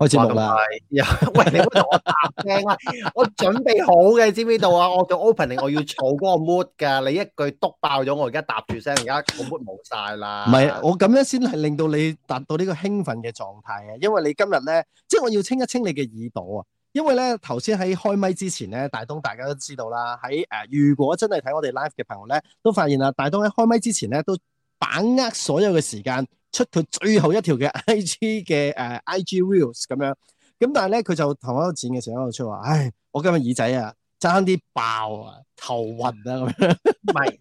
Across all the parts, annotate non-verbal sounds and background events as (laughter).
開始錄啦，喂，你同我答聲啦，啊， (laughs) 我準備好嘅，知唔知道啊？我做 opening，我要儲嗰個 mood 噶，你一句督爆咗，我而家答住聲，而家個 mood 冇晒啦。唔係，我咁樣先係令到你達到呢個興奮嘅狀態啊！因為你今日咧，即係我要清一清你嘅耳朵啊！因為咧，頭先喺開咪之前咧，大東大家都知道啦，喺誒，如果真係睇我哋 live 嘅朋友咧，都發現啦，大東喺開咪之前咧，都把握所有嘅時間。出佢最後一條嘅 IG 嘅誒、啊、IG reels 咁樣，咁但係咧佢就同一個展嘅時候喺度出話，唉，我今日耳仔啊，爭啲爆啊，頭暈啊咁樣。唔係，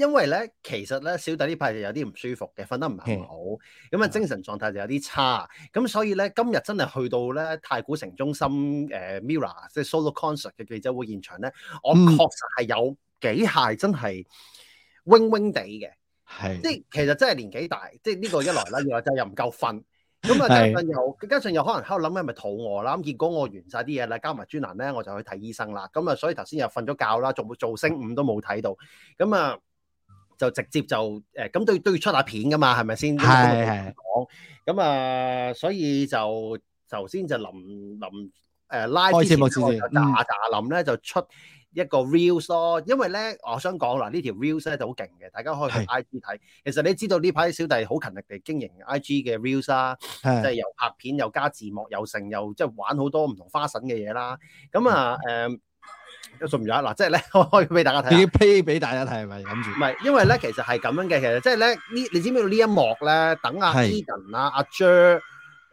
因為咧，其實咧，小弟呢排就有啲唔舒服嘅，瞓得唔係好，咁啊精神狀態就有啲差，咁所以咧今日真係去到咧太古城中心誒 Mira 即係 Solo Concert 嘅記者會現場咧、嗯，我確實係有幾下真係嗡嗡地嘅。即係其實真係年紀大，即係呢個一來啦，二來就又、 (laughs) 嗯、又唔夠瞓，咁啊，但又加上又可能喺度諗緊，係咪肚餓啦？咁結果我完晒啲嘢啦，加埋專欄咧，我就去睇醫生啦。咁、嗯、啊，所以頭先又瞓咗覺啦，仲冇做聲五都冇睇到，咁、嗯、啊，就直接就誒咁、欸、都要都要出下片噶嘛，係咪先？係係。講咁啊，所以就頭先就臨臨誒拉啲啲嗱嗱臨咧就出一個 reels 咯，因為咧，我想講嗱，呢條 reels 咧就好勁嘅，大家可以去 IG 睇。其實你知道呢排小弟好勤力地經營 IG 嘅 reels 啦，即係又拍片又加字幕又成又即係玩好多唔同花臣嘅嘢啦。咁啊誒，咁仲有嗱，即係咧，可以俾大家睇，俾 Play 俾大家睇係咪咁住？唔係，因為咧，其實係咁樣嘅，其實即係咧呢，你知唔知道呢一幕咧，等阿、啊、Edan 啊、阿 Jer 誒、啊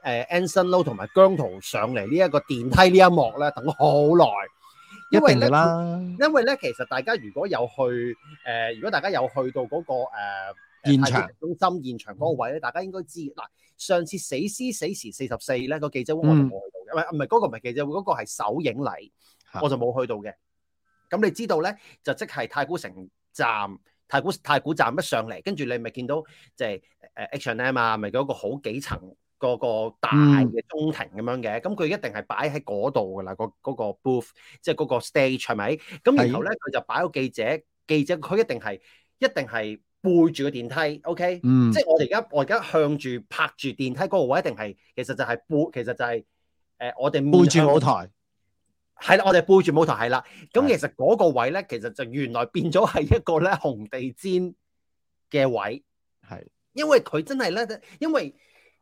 呃、Anson Lo 同埋姜濤上嚟呢一個電梯呢一幕咧，等咗好耐。因為咧，因為咧，其實大家如果有去誒、呃，如果大家有去到嗰、那個誒太古城中心現場嗰個位咧，大家應該知嗱。上次死屍死時四十四咧，個記者會我都冇去到嘅，唔係唔係嗰個唔係記者會，嗰、那個係首映禮，我就冇去到嘅。咁你知道咧，就即係太古城站、太古太古站一上嚟，跟住你咪見到即、就、係、是、誒 H&M 啊，咪、那、嗰個好幾層。嗰、嗰個大嘅中庭咁樣嘅，咁、嗯、佢一定係擺喺嗰度噶啦，個嗰、嗰個 booth，即係嗰個 stage 係咪？咁然後咧，佢就擺咗記者記者佢一定係一定係背住個電梯，OK，即係我哋而家我而家向住拍住電梯嗰個位，一定係、okay? 嗯、其實就係背，其實就係、係、誒、呃、我哋、嗰個、背住舞台，係啦，我哋背住舞台係啦。咁其實嗰個位咧，其實就原來變咗係一個咧紅地氈嘅位，係因為佢真係咧，因為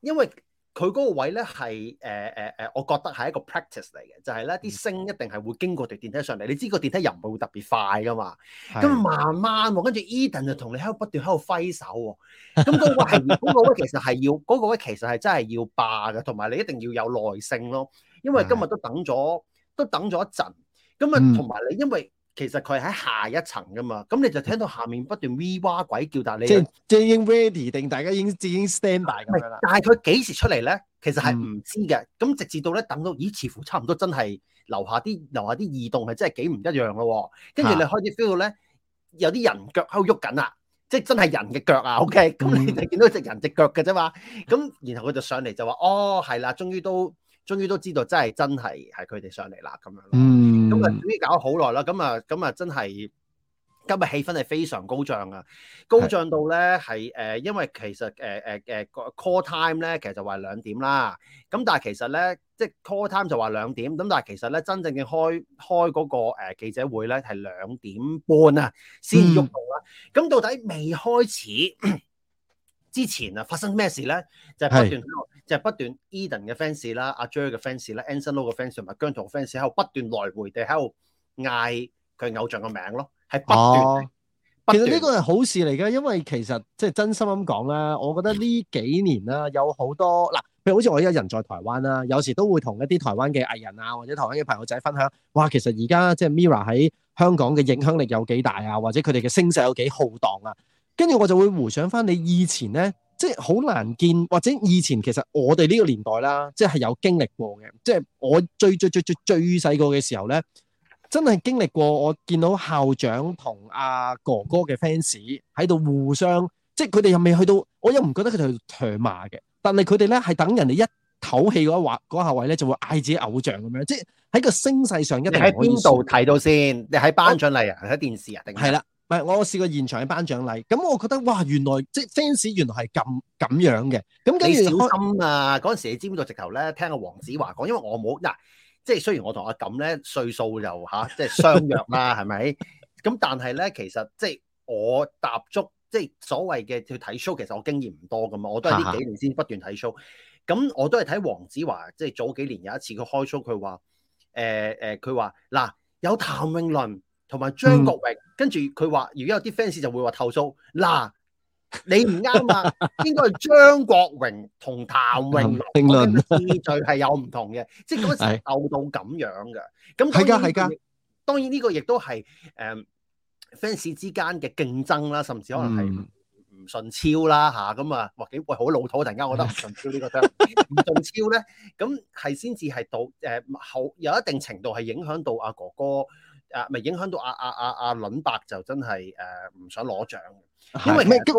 因為。因為佢嗰個位咧係誒誒誒，我覺得係一個 practice 嚟嘅，就係咧啲聲一定係會經過條電梯上嚟，你知個電梯又唔會特別快噶嘛，咁慢慢喎，跟住 Eden 就同你喺度不斷喺度揮手喎，咁、嗰、嗰個係嗰 (laughs) 個位其實係要嗰、嗰個位其實係真係要霸嘅，同埋你一定要有耐性咯，因為今日都等咗都等咗一陣，咁啊同埋你因為。其實佢喺下一層噶嘛，咁你就聽到下面不斷 we 哇鬼叫，但係你即係已經 ready 定大家已經已經 stand by 咁樣啦。但係佢幾時出嚟咧？其實係唔知嘅。咁、嗯、直至到咧等到，咦，似乎差唔多真係樓下啲樓下啲異動係真係幾唔一樣咯、啊。跟住你開始 feel 到咧，有啲人腳喺度喐緊啦，即係真係人嘅腳啊。OK，咁、嗯、你就見到只人隻腳嘅啫嘛。咁然後佢就上嚟就話：哦，係啦，終於都終於都知道真係真係係佢哋上嚟啦咁樣。嗯。終、嗯、於搞好耐啦，咁啊，咁啊，真係今日氣氛係非常高漲啊！高漲到咧係誒，因為其實誒誒誒個 call time 咧，其實就話兩點啦。咁但係其實咧，即係 call time 就話兩點，咁但係其實咧，真正嘅開開嗰個誒記者會咧，係兩點半啊，先喐到啦。咁到底未開始之前啊，發生咩事咧？就係、是、不斷就係、是、不斷 Edan 嘅 fans 啦、阿 Jer 嘅 fans 啦、Anson Lo 嘅 fans 同埋姜濤 fans 喺度不斷來回地喺度嗌佢偶像嘅名咯，係不斷，啊不斷。其實呢個係好事嚟嘅，因為其實即係真心咁講啦，我覺得呢幾年啦有好多嗱，譬如好似我一人在，在台灣啦，有時都會同一啲台灣嘅藝人啊或者台灣嘅朋友仔分享，哇，其實而家即係 MIRROR 喺香港嘅影響力有幾大啊，或者佢哋嘅聲勢有幾浩蕩啊，跟住我就會回想返你以前咧。即係好難見，或者以前其實我哋呢個年代啦，即係有經歷過嘅。即係我最最最最最細個嘅時候咧，真係經歷過。我見到校長同阿哥哥嘅 fans 喺度互相，即係佢哋又未去到，我又唔覺得佢哋去到唾罵嘅。但係佢哋咧係等人哋一唞氣嗰嗰下位咧，就會嗌自己偶像咁樣。即係喺個聲勢上一定喺邊度睇到先？你喺班上嚟啊？喺電視啊？定係？唔係，我試過現場嘅頒獎禮，咁我覺得嘩，原來即 fans 原來係咁咁樣嘅。咁跟住小心啊！嗰陣時，你知唔知道直頭咧聽阿黃子華講，因為我冇嗱、啊，即係雖然我同阿錦咧歲數又嚇、啊、即係相約啦，係 (laughs) 咪？咁但係咧，其實即係我踏足即係所謂嘅去睇 show，其實我經驗唔多㗎嘛，我都係呢幾年先不斷睇 show。 (laughs) 咁我都係睇黃子華，即係早幾年有一次佢開 show，佢話誒誒，佢話嗱有譚詠麟。同埋張國榮，嗯、跟住佢話：如果有啲 fans 就會話投訴，嗱、嗯啊，你唔啱啊， (laughs) 應該係張國榮譚 (laughs) 同譚詠麟呢罪係有唔同嘅，即係嗰時鬥到咁樣嘅。咁當然、這個、當然呢個亦都係誒 fans 之間嘅競爭啦，甚至可能係唔順超啦吓，咁、嗯、啊，或、嗯、幾喂好老土突然間覺得唔順超，個 (laughs) 超呢個得唔順超咧，咁係先至係到誒後、呃、有一定程度係影響到阿、啊、哥哥。啊，咪影響到阿阿阿阿倫伯就真係誒唔想攞獎，因為咩都、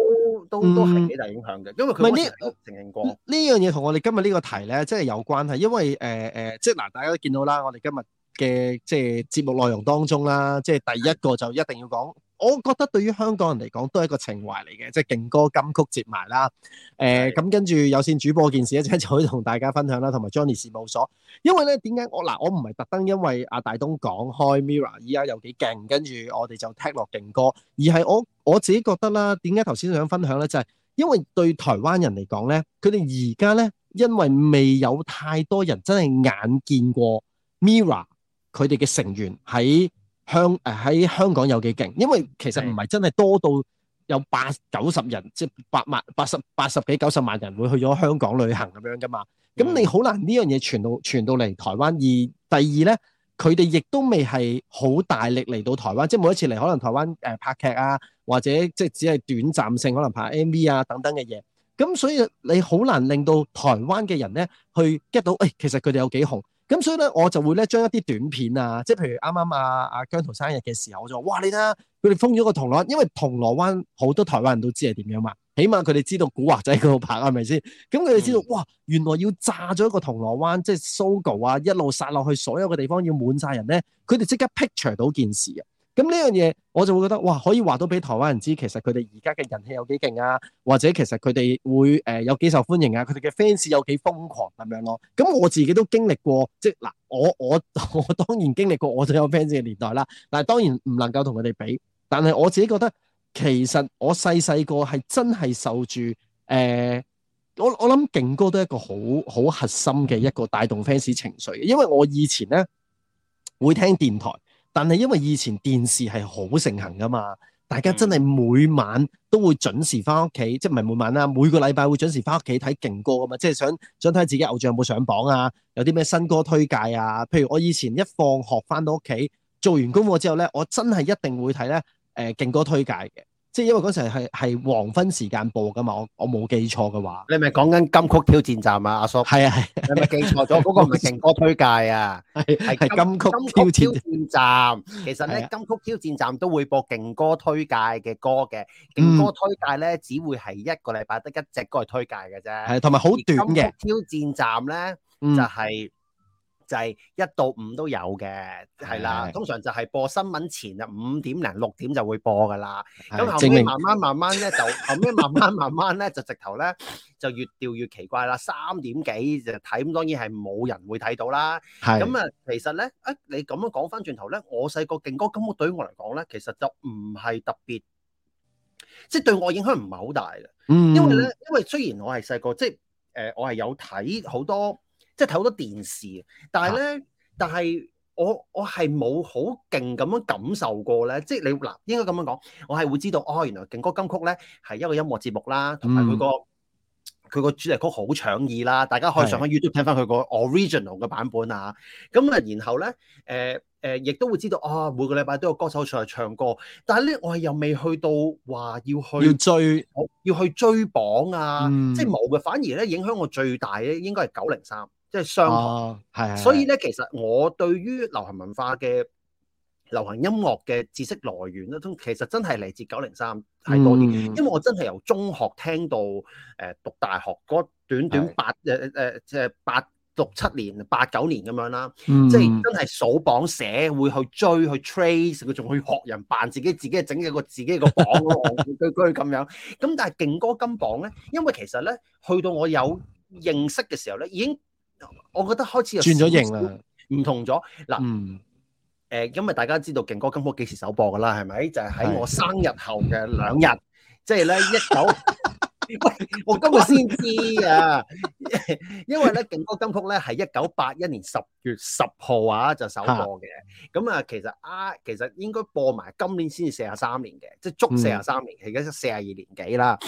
嗯、都係幾大影響嘅，因為佢嗰時承認過。呢樣嘢同我哋今日呢個題咧，真係有關係，因為誒誒、呃呃，即係嗱、呃，大家都見到啦，我哋今日嘅即係節目內容當中啦，即係第一個就一定要講。我覺得對於香港人嚟講都係一個情懷嚟嘅，即係勁歌金曲摺埋啦。誒，咁跟住有線主播件事咧，就可以同大家分享啦。同埋 Johnny 事務所，因為咧，點解我嗱，我唔係特登因為阿大東講開 Mirror 依家有幾勁，跟住我哋就踢落勁歌，而係我我自己覺得啦，點解頭先想分享咧，就係因為對台灣人嚟講咧，佢哋而家咧，因為未有太多人真係眼見過 Mirror 佢哋嘅成員喺，香誒喺香港有幾勁？因為其實唔係真係多到有八九十人，即係八萬八十八十幾九十萬人會去咗香港旅行咁樣㗎嘛。咁你好難呢樣嘢傳到傳到嚟台灣。而第二咧，佢哋亦都未係好大力嚟到台灣，即係每一次嚟可能台灣誒、呃、拍劇啊，或者即係只係短暫性可能拍 MV 啊等等嘅嘢。咁所以你好難令到台灣嘅人咧去 get 到誒、哎，其實佢哋有幾紅。咁、嗯、所以咧，我就會咧將一啲短片剛剛啊，即係譬如啱啱啊阿姜濤生日嘅時候，我就哇，你睇下，佢哋封咗個銅鑼灣，因為銅鑼灣好多台灣人都知係點樣嘛，起碼佢哋知道古惑仔嗰度拍，係咪先？咁佢哋知道哇，原來要炸咗一個銅鑼灣，即係 sogo 啊，一路殺落去所有嘅地方要滿晒人咧，佢哋即刻 picture 到件事啊！咁呢樣嘢，我就會覺得哇，可以話到俾台灣人知，其實佢哋而家嘅人氣有幾勁啊，或者其實佢哋會、呃、有幾受歡迎啊，佢哋嘅 fans 有幾瘋狂咁樣咯。咁我自己都經歷過，即嗱，我我我當然經歷過我就有 fans 嘅年代啦。但係當然唔能夠同佢哋比，但係我自己覺得其實我細細個係真係受住誒、呃，我我諗勁歌都係一個好好核心嘅一個帶動 fans 情緒嘅，因為我以前咧會聽電台。但係因為以前電視係好盛行㗎嘛，大家真係每晚都會準時返屋企，即係唔係每晚啦，每個禮拜會準時返屋企睇勁歌吖嘛，即係想想睇下自己偶像有冇上榜啊，有啲咩新歌推介啊。譬如我以前一放學返到屋企，做完功課之後咧，我真係一定會睇咧誒勁歌推介嘅。即係因為嗰陣係係黃昏時間播㗎嘛，我我冇記錯嘅話。你係咪講緊金曲挑戰站啊，阿叔？係啊係。你係咪記錯咗？嗰 (laughs) 個唔係勁歌推介啊，係係金曲金曲挑戰站。其實咧， (laughs) 金曲挑戰站都會播勁歌推介嘅歌嘅。勁歌推介咧，只會係一個禮拜得一隻歌嚟推介嘅啫。係同埋好短嘅。而金曲挑戰站咧，就係、是。就係、是、一到五都有嘅，係啦。通常就係播新聞前啊，五點零六點就會播噶啦。咁後尾慢慢慢慢咧，就後尾慢慢慢慢咧， (laughs) 就直頭咧，就越調越奇怪啦。三點幾就睇，咁當然係冇人會睇到啦。係咁啊，其實咧，誒，你咁樣講翻轉頭咧，我細個勁歌金曲對於我嚟講咧，其實就唔係特別，即、就、係、是、對我影響唔係好大嘅。嗯。因為咧，因為雖然我係細個，即係誒，我係有睇好多。即係睇好多電視，但係咧、啊，但係我我係冇好勁咁樣感受過咧。即係你嗱，應該咁樣講，我係會知道哦。原來勁歌金曲咧係一個音樂節目啦，同埋佢個佢個、嗯、主題曲好搶耳啦。大家可以上翻 YouTube 的聽翻佢個 original 嘅版本啊。咁啊，然後咧，誒、呃、誒，亦、呃、都會知道啊、哦，每個禮拜都有歌手上嚟唱歌。但係咧，我係又未去到話要去要追，要去追榜啊。嗯、即係冇嘅，反而咧影響我最大咧，應該係九零三。即係商學系，係、哦、係。所以咧，其實我對於流行文化嘅流行音樂嘅知識來源咧，都其實真係嚟自九零三係多啲、嗯。因為我真係由中學聽到誒、呃、讀大學嗰短短八誒誒即係八六七年、八九年咁樣啦，即、就、係、是、真係數榜社會去追去 trace，佢仲去學人扮自，自己，自己整一個自己一個榜咯。佢 (laughs) 咁樣。咁但係勁歌金榜咧，因為其實咧去到我有認識嘅時候咧，已經。我覺得開始又轉咗型啦，唔同咗嗱，誒，因為大家知道勁歌金曲幾時首播㗎啦，係咪？就係、是、喺我生日後嘅兩日，即係咧一九。 (laughs) (laughs) 我今日先知啊，因為咧勁歌金曲咧係一九八一年十月十號啊就首播嘅，咁啊其實啊其實應該播埋今年先至四十三年嘅，即係足四十三年，而家四十二年幾啦。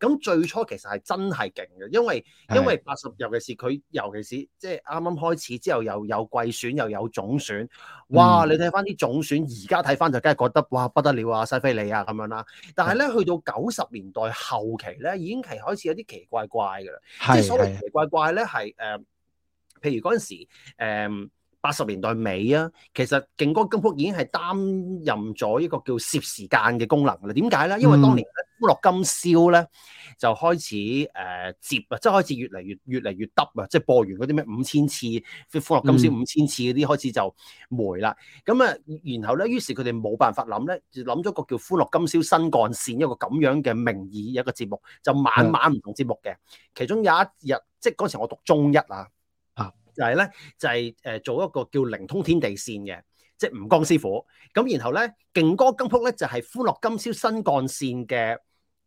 咁最初其實係真係勁嘅，因為因為八十尤其是佢尤其是即係啱啱開始之後又有季選又有總選，哇總選，哇！你睇返啲總選而家睇返就梗係覺得哇不得了啊，犀飛利啊咁樣啦。但係咧去到九十年代後期咧已天期開始有啲奇怪怪嘅啦，是是即係所謂奇怪怪咧，係、呃、誒，譬如嗰陣時、呃八十年代尾啊，其實勁歌金曲已經係擔任咗一個叫攝時間嘅功能啦。點解咧？因為當年《嗯、歡樂今宵》咧就開始誒摺啊，即係開始越嚟越越嚟越耷啊，即、就、係、是、播完嗰啲咩五千次《歡樂今宵》五千次嗰啲、嗯、開始就霉啦。咁啊，然後咧，於是佢哋冇辦法諗咧，就諗咗個叫《歡樂今宵新幹線》一個咁樣嘅名義的一個節目，就晚晚唔同節目嘅。其中有一日，即係嗰時我讀中一啊。就係、是、咧，就係、是、誒做一個叫靈通天地線嘅，即係吳江師傅。咁然後咧，勁歌金曲咧就係、是、歡樂今宵新幹線嘅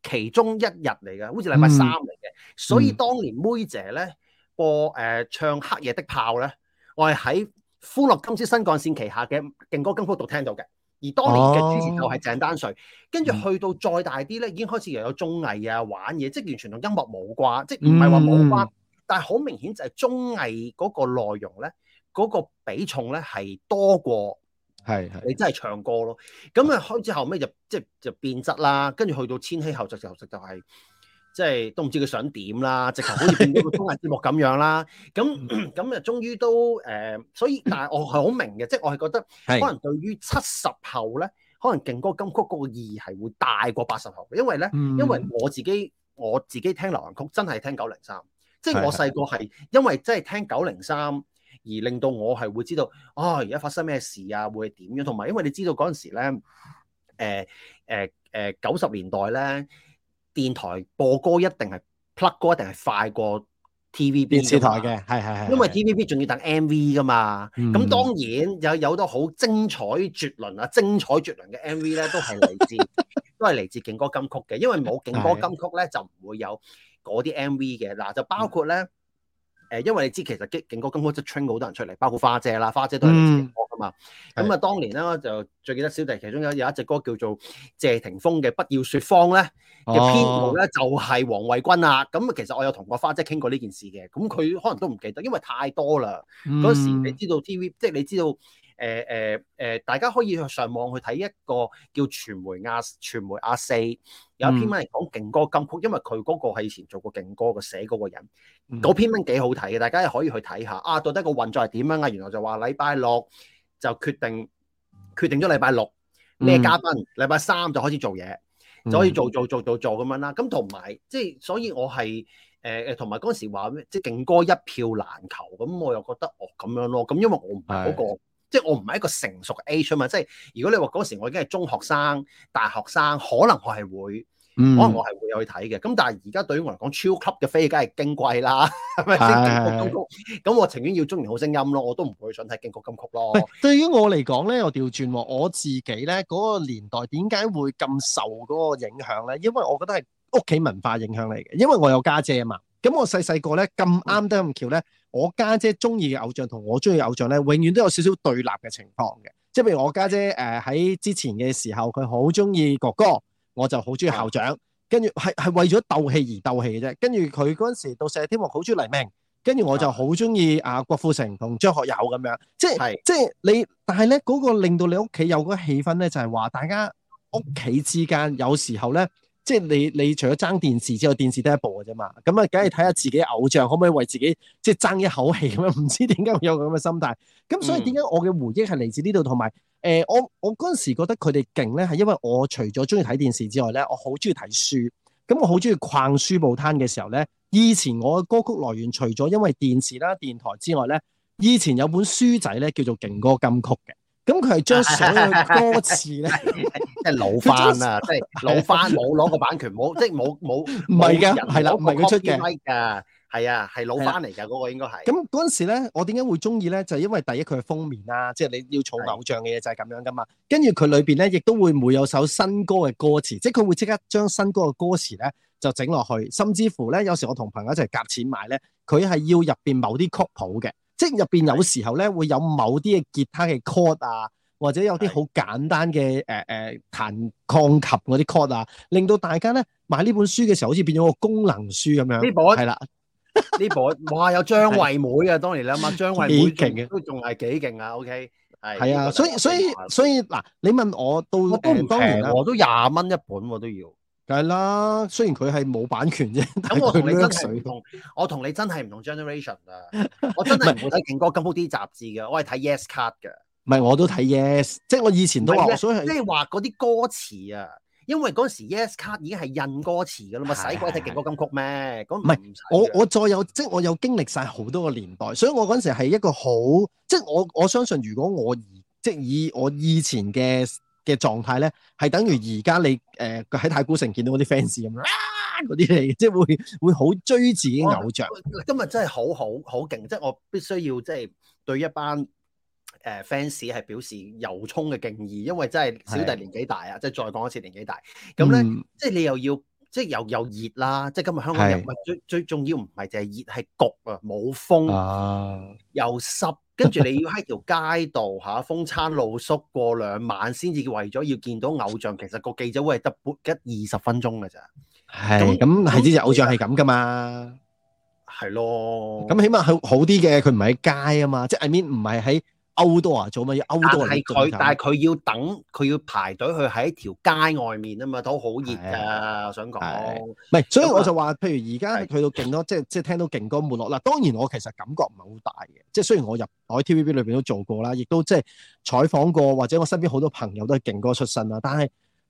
其中一日嚟嘅，好似禮拜三嚟嘅、嗯。所以當年妹姐咧播誒、呃、唱黑夜的炮咧，我係喺歡樂今宵新幹線旗下嘅勁歌金曲度聽到嘅。而當年嘅主持就係鄭丹瑞。跟、哦、住去到再大啲咧，已經開始又有綜藝啊、玩嘢，即係完全同音樂冇關，即係唔係話冇關。嗯但係好明顯就係綜藝嗰個內容咧，嗰、那個比重咧係多過係係你真係唱歌咯。咁啊，之後後尾就即係就，就變質啦。跟住去到千禧後續就，就就係即係都唔知佢想點啦，直頭好似變咗個綜藝節目咁樣啦。咁咁啊，終於都誒、呃，所以但係我係好明嘅，即、就、係、是、我係覺得可能對於七十後咧，可能勁歌金曲嗰、那個意義係會大過八十後，因為咧、嗯，因為我自己我自己聽流行曲真係聽九零三。即、就、係、是、我細個係因為即係聽九零三而令到我係會知道啊而家發生咩事啊會係點樣？同埋因為你知道嗰陣時咧，誒誒誒，九十年代咧，電台播歌一定係 Plug 歌一定係快過 TVB 的電視台嘅，係係係。因為 TVB 仲要等 MV 噶嘛，咁、嗯、當然有有好多好精彩絕倫啊精彩絕倫嘅 MV 咧都係嚟自 (laughs) 都係嚟自勁歌金曲嘅，因為冇勁歌金曲咧就唔會有。嗰啲 MV 嘅嗱就包括咧，誒，因為你知其實激勁歌金曲即係 train 好多人出嚟，包括花姐啦，花姐都係自己歌㗎嘛。咁、嗯、啊，那當年咧就最記得小弟其中有有一隻歌叫做謝霆鋒嘅《不要説謊呢》咧嘅編舞咧、哦、就係、是、王惠君啊。咁啊，其實我有同個花姐傾過呢件事嘅，咁佢可能都唔記得，因為太多啦。嗰時你知道 TV，即係你知道。誒誒誒，大家可以去上網去睇一個叫《傳媒阿傳媒阿四》，有一篇文嚟講勁歌金曲，因為佢嗰個係以前做過勁歌嘅寫嗰個人，嗰篇文幾好睇嘅，大家又可以去睇下啊。到底個運作係點樣啊？原來就話禮拜六就決定決定咗禮拜六咩嘉賓、嗯，禮拜三就開始做嘢，就可以做做做做做咁樣啦。咁同埋即係，所以我係誒誒同埋嗰陣時話咩，即係勁歌一票難求咁，我又覺得哦咁樣咯。咁因為我唔係嗰個。即係我唔係一個成熟嘅 age 啊嘛，即係如果你話嗰時我已經係中學生、大學生，可能我係會、嗯，可能我係會有去睇嘅。咁但係而家對於我嚟講，超級嘅飛梗係矜貴啦，係咪？勁曲金曲，咁我情願要中年好聲音咯，我都唔會想睇勁曲金曲咯。對於我嚟講咧，我調轉我自己咧嗰、嗰個年代點解會咁受嗰個影響咧？因為我覺得係屋企文化影響嚟嘅，因為我有家姐啊嘛。咁我細細個咧咁啱得咁巧咧。嗯我家姐中意嘅偶像同我中意嘅偶像咧，永遠都有少少對立嘅情況嘅。即係譬如我家姐，誒，呃，喺之前嘅時候，佢好中意哥哥，我就好中意校長。跟住係係為咗鬥氣而鬥氣嘅啫。跟住佢嗰陣時到四大天王好中意黎明，跟住我就好中意阿郭富城同張學友咁樣。即係即係你，但係咧嗰個令到你屋企有嗰氣氛咧，就係話大家屋企之間有時候咧。即係你，你除咗爭電視之外，電視得一部嘅啫嘛。咁啊，梗係睇下自己偶像可唔可以為自己即係爭一口氣咁啊？唔知點解會有咁嘅心態。咁所以點解我嘅回憶係嚟自呢度，同埋、呃、我我嗰陣時覺得佢哋勁咧，係因為我除咗中意睇電視之外咧，我好中意睇書。咁我好中意逛書報攤嘅時候咧，以前我嘅歌曲來源除咗因為電視啦、電台之外咧，以前有本書仔咧叫做《勁歌金曲》嘅。咁佢係將所有嘅歌詞咧。 (laughs) 即係老翻啦、啊啊，即係老翻，冇攞個版權，冇即係冇冇，唔係嘅，係啦，唔係佢出嘅，係啊，係老翻嚟㗎，嗰、那個應該係。咁嗰陣時咧，我點解會中意咧？就是、因為第一佢係封面啦，即、就、係、是、你要儲偶像嘅嘢就係咁樣㗎嘛。跟住佢裏邊咧，亦都會唔會有首新歌嘅歌詞？即係佢會即刻將新歌嘅歌詞咧就整落去，甚至乎咧有時我同朋友一齊夾錢買咧，佢係要入邊某啲曲譜嘅，即係入邊有時候咧會有某啲嘅結他嘅 chord 啊。或者有啲好簡單嘅誒誒彈鋼琴嗰啲 code 啊，令到大家咧買呢本書嘅時候，好似變咗個功能書咁樣。呢本係啦，呢本 (laughs) 哇有張惠妹啊，當年你諗下張惠妹勁嘅都仲係幾勁啊。OK 係係啊，所以所以所以嗱，你問我到、嗯啊、當都當年我都廿蚊一本我都要，梗係啦。雖然佢係冇版權啫，咁我同你真同。 (laughs) 我同你真係唔同 generation 啊。 (laughs) 我真係唔會睇勁歌金曲啲雜誌嘅，我係睇 Yes Card 嘅。唔係我都睇 Yes，即係我以前都話，所即係話嗰啲歌詞啊，因為嗰陣時 Yes 卡已經係印歌詞噶啦嘛，使鬼睇勁歌金曲咩？咁唔係我我再有，即係我有經歷晒好多個年代，所以我嗰陣時係一個好，即係我我相信，如果我以即係以我以前嘅嘅狀態咧，係等於而家你誒喺、呃、太古城見到嗰啲 fans 咁啦，嗰啲嚟即係會會好追自己偶像。今日真係好好好勁，即係我必須要即係對一班。誒、uh, fans 係表示由衷嘅敬意，因為真係小弟年紀大啊，即係再講一次年紀大。咁咧、嗯，即係你又要即係又又熱啦，即係今日香港人物，最最重要唔係淨係熱係焗啊，冇風又濕，跟住你要喺條街度，嚇、 (laughs) 啊、風餐露宿過兩晚先至為咗要見到偶像，其實個記者會係得一二十分鐘㗎咋。係咁係呢隻偶像係咁㗎嘛，係咯。咁起碼好好啲嘅，佢唔係喺街啊嘛，即係 I mean 唔係喺。歐多啊，做乜嘢？歐多係佢，但係佢要等，佢要排隊去喺條街外面啊嘛，都好熱噶。我想講，唔係，所以我就話，譬如而家去到勁咯，即係即係聽到勁歌沒落。嗱，當然我其實感覺唔係好大嘅，即係雖然我入台 TVB 裏邊都做過啦，亦都即係採訪過，或者我身邊好多朋友都係勁歌出身啦。但係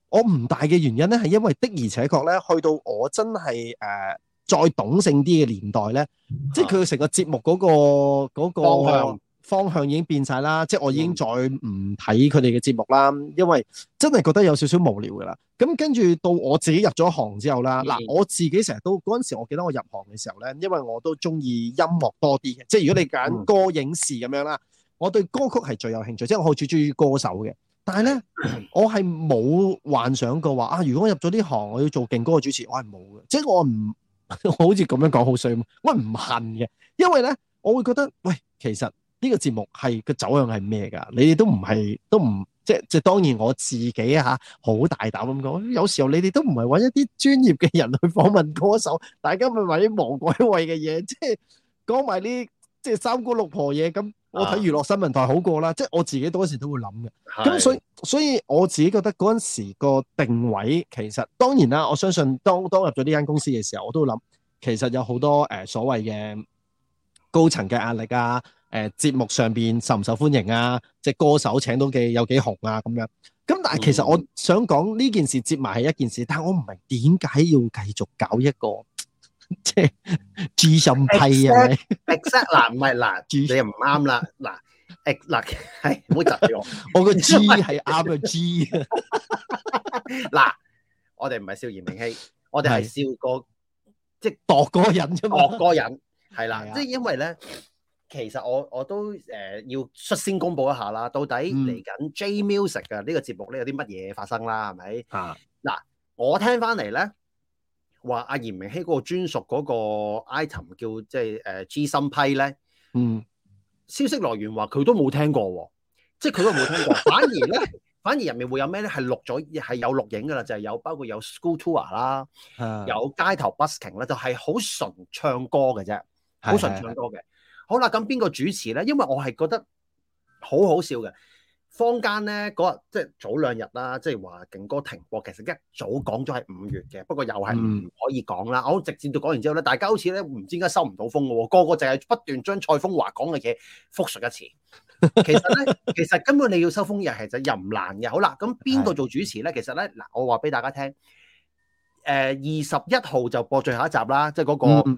我唔大嘅原因咧，係因為的而且確咧，去到我真係誒、呃、再懂性啲嘅年代咧，即係佢成個節目嗰、嗰個、啊嗰個方向已經變晒啦，即係我已經再唔睇佢哋嘅節目啦、嗯，因為真係覺得有少少無聊㗎啦。咁跟住到我自己入咗行之後、嗯、啦，嗱，我自己成日都嗰陣時，我記得我入行嘅時候咧，因為我都中意音樂多啲嘅，即係如果你揀歌、影視咁樣啦、嗯，我對歌曲係最有興趣，即、嗯、係、就是、我最中意歌手嘅。但係咧、嗯，我係冇幻想過話啊，如果我入咗呢行，我要做勁歌嘅主持，我係冇嘅。即係我唔，我好似咁樣講好衰，我係唔恨嘅，因為咧，我會覺得喂，其實。呢、這個節目係個走向係咩噶？你哋都唔係，都唔，即係即係，當然我自己吓好大膽咁講。有時候你哋都唔係搵一啲專業嘅人去訪問歌手，大家咪搵啲亡鬼位嘅嘢，即係講埋啲即係三姑六婆嘢。咁我睇娛樂新聞台好過啦。啊、即係我自己嗰時都會諗嘅。咁所以所以我自己覺得嗰陣時個定位，其實當然啦。我相信當當入咗呢間公司嘅時候，我都諗其實有好多誒、呃、所謂嘅高層嘅壓力啊。誒，節目上邊受唔受歡迎啊？即歌手請到幾有幾紅啊？咁樣，咁但係其實我想講呢件事接埋係一件事，但係我唔明點解要繼續搞一個即係誅心批啊？係，exact 嗱唔係嗱，你又唔啱啦，嗱，exact 嗱，係唔好窒住我，我個 g 係啱個 g 啊，嗱，我哋唔係笑言明氣，我哋係笑個即係度歌人啫嘛，度歌人係啦，即係因為咧。其實我我都誒、呃、要率先公布一下啦，到底嚟緊 J Music 嘅呢個節目咧有啲乜嘢發生啦？係、嗯、咪？啊！嗱，我聽翻嚟咧，話阿、啊、嚴明熙嗰個專屬嗰個 item 叫即係誒 G 心批咧。嗯。消息來源話佢都冇聽過喎，即係佢都冇聽過。聽過 (laughs) 反而咧，反而入面會有咩咧？係錄咗係有錄影噶啦，就係、是、有包括有 school tour 啦、嗯，有街頭 busking 啦，就係好純唱歌嘅啫，好純唱歌嘅。是是是。好啦，咁邊個主持咧？因為我係覺得好好笑嘅，坊間咧嗰日即係早兩日啦，即係話勁歌停播，其實一早講咗係五月嘅，不過又係唔可以講啦、嗯。我直接到講完之後咧，大家好似咧唔知點解收唔到風嘅喎，個個淨係不斷將蔡楓華講嘅嘢複述一次。其實咧， (laughs) 其實根本你要收風又係就又唔難嘅。好啦，咁邊個做主持咧？其實咧嗱，我話俾大家聽，二十一號就播最後一集啦，即係嗰、嗰個。嗯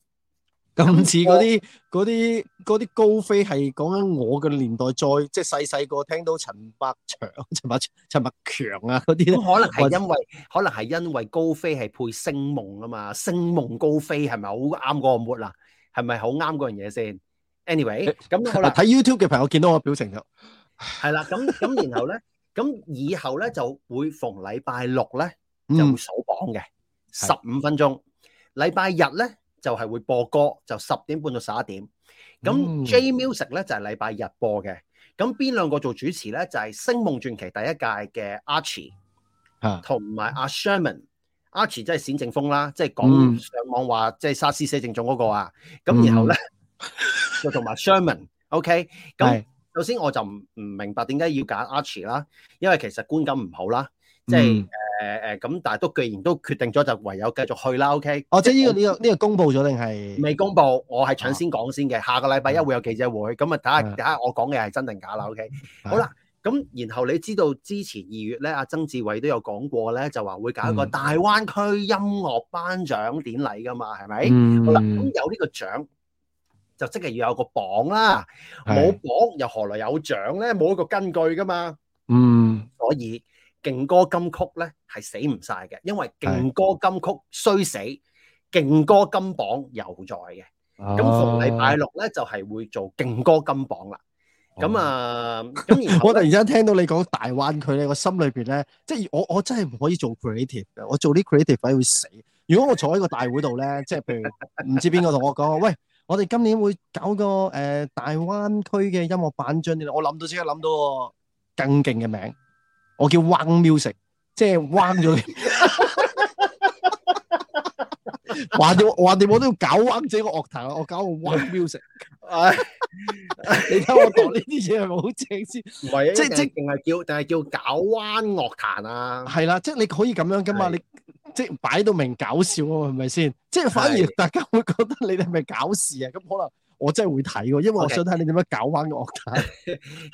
今次嗰啲嗰啲嗰啲高飛係講緊我嘅年代，再即係細細個聽到陳百祥、陳百陳百強啊嗰啲，都可能係因為可能係因為高飛係配星夢啊嘛，星夢高飛係咪好啱個 mood 啊？係咪好啱嗰樣嘢先？Anyway，咁好啦。睇 YouTube 嘅朋友見到我表情就係啦，咁咁然後咧，咁以後咧就會逢禮拜六咧就會數榜嘅十五分鐘，禮拜日咧。就係、是、會播歌，就十點半到十一點。咁 J Music 咧就係、是、禮拜日播嘅。咁邊兩個做主持咧？就係、是《星夢傳奇》第一屆嘅 Archie，嚇，同埋阿 Sherman。Archie 即係冼正風啦，即、就、係、是、講上網話即係沙士寫正中嗰個啊。咁然後咧、嗯、就同埋 Sherman (laughs) okay?OK，咁首先我就唔唔明白點解要揀 Archie 啦，因為其實觀感唔好啦。嗯、即係誒誒咁，但係都既然都決定咗，就唯有繼續去啦。O、okay? K 哦，即係呢、呢個呢個呢個公布咗定係未公布？我係搶先講先嘅、啊，下個禮拜一會有記者會，咁啊睇下睇下我講嘅係真定假啦。O、okay? K、啊、好啦，咁然後你知道之前二月咧，阿曾志偉都有講過咧，就話會搞一個大灣區音樂頒獎典禮噶嘛，係、嗯、咪？好啦，咁有呢個獎，就即係要有個榜啦。冇榜又何來有獎咧？冇一個根據噶嘛。嗯，所以。勁歌金曲咧係死唔晒嘅，因為勁歌金曲雖死，勁歌金榜猶在嘅。咁、啊、逢禮拜六咧就係、是、會做勁歌金榜啦。咁、哦、啊，咁 (laughs) 我突然之間聽到你講大灣區咧，我心裏邊咧，即係我我真係唔可以做 creative 嘅，我做啲 creative 會死。如果我坐喺個大會度咧， (laughs) 即係譬如唔知邊個同我講， (laughs) 喂，我哋今年會搞個誒、呃、大灣區嘅音樂頒獎典禮，我諗到即刻諗到，到更勁嘅名。我叫彎 music，即係彎咗。話你話掂我都要搞彎自己個樂壇，我搞個彎 music。 (laughs) (laughs) 你睇我講呢啲嘢係咪好正先？唔係、啊，即係即係，定係叫定係叫搞彎樂壇啊？係啦、啊，即係你可以咁樣噶嘛？你即係擺到明搞笑啊？係咪先？即係反而大家會覺得你哋係咪搞事啊？咁可能我真係會睇，因為我想睇你點樣搞彎個樂壇。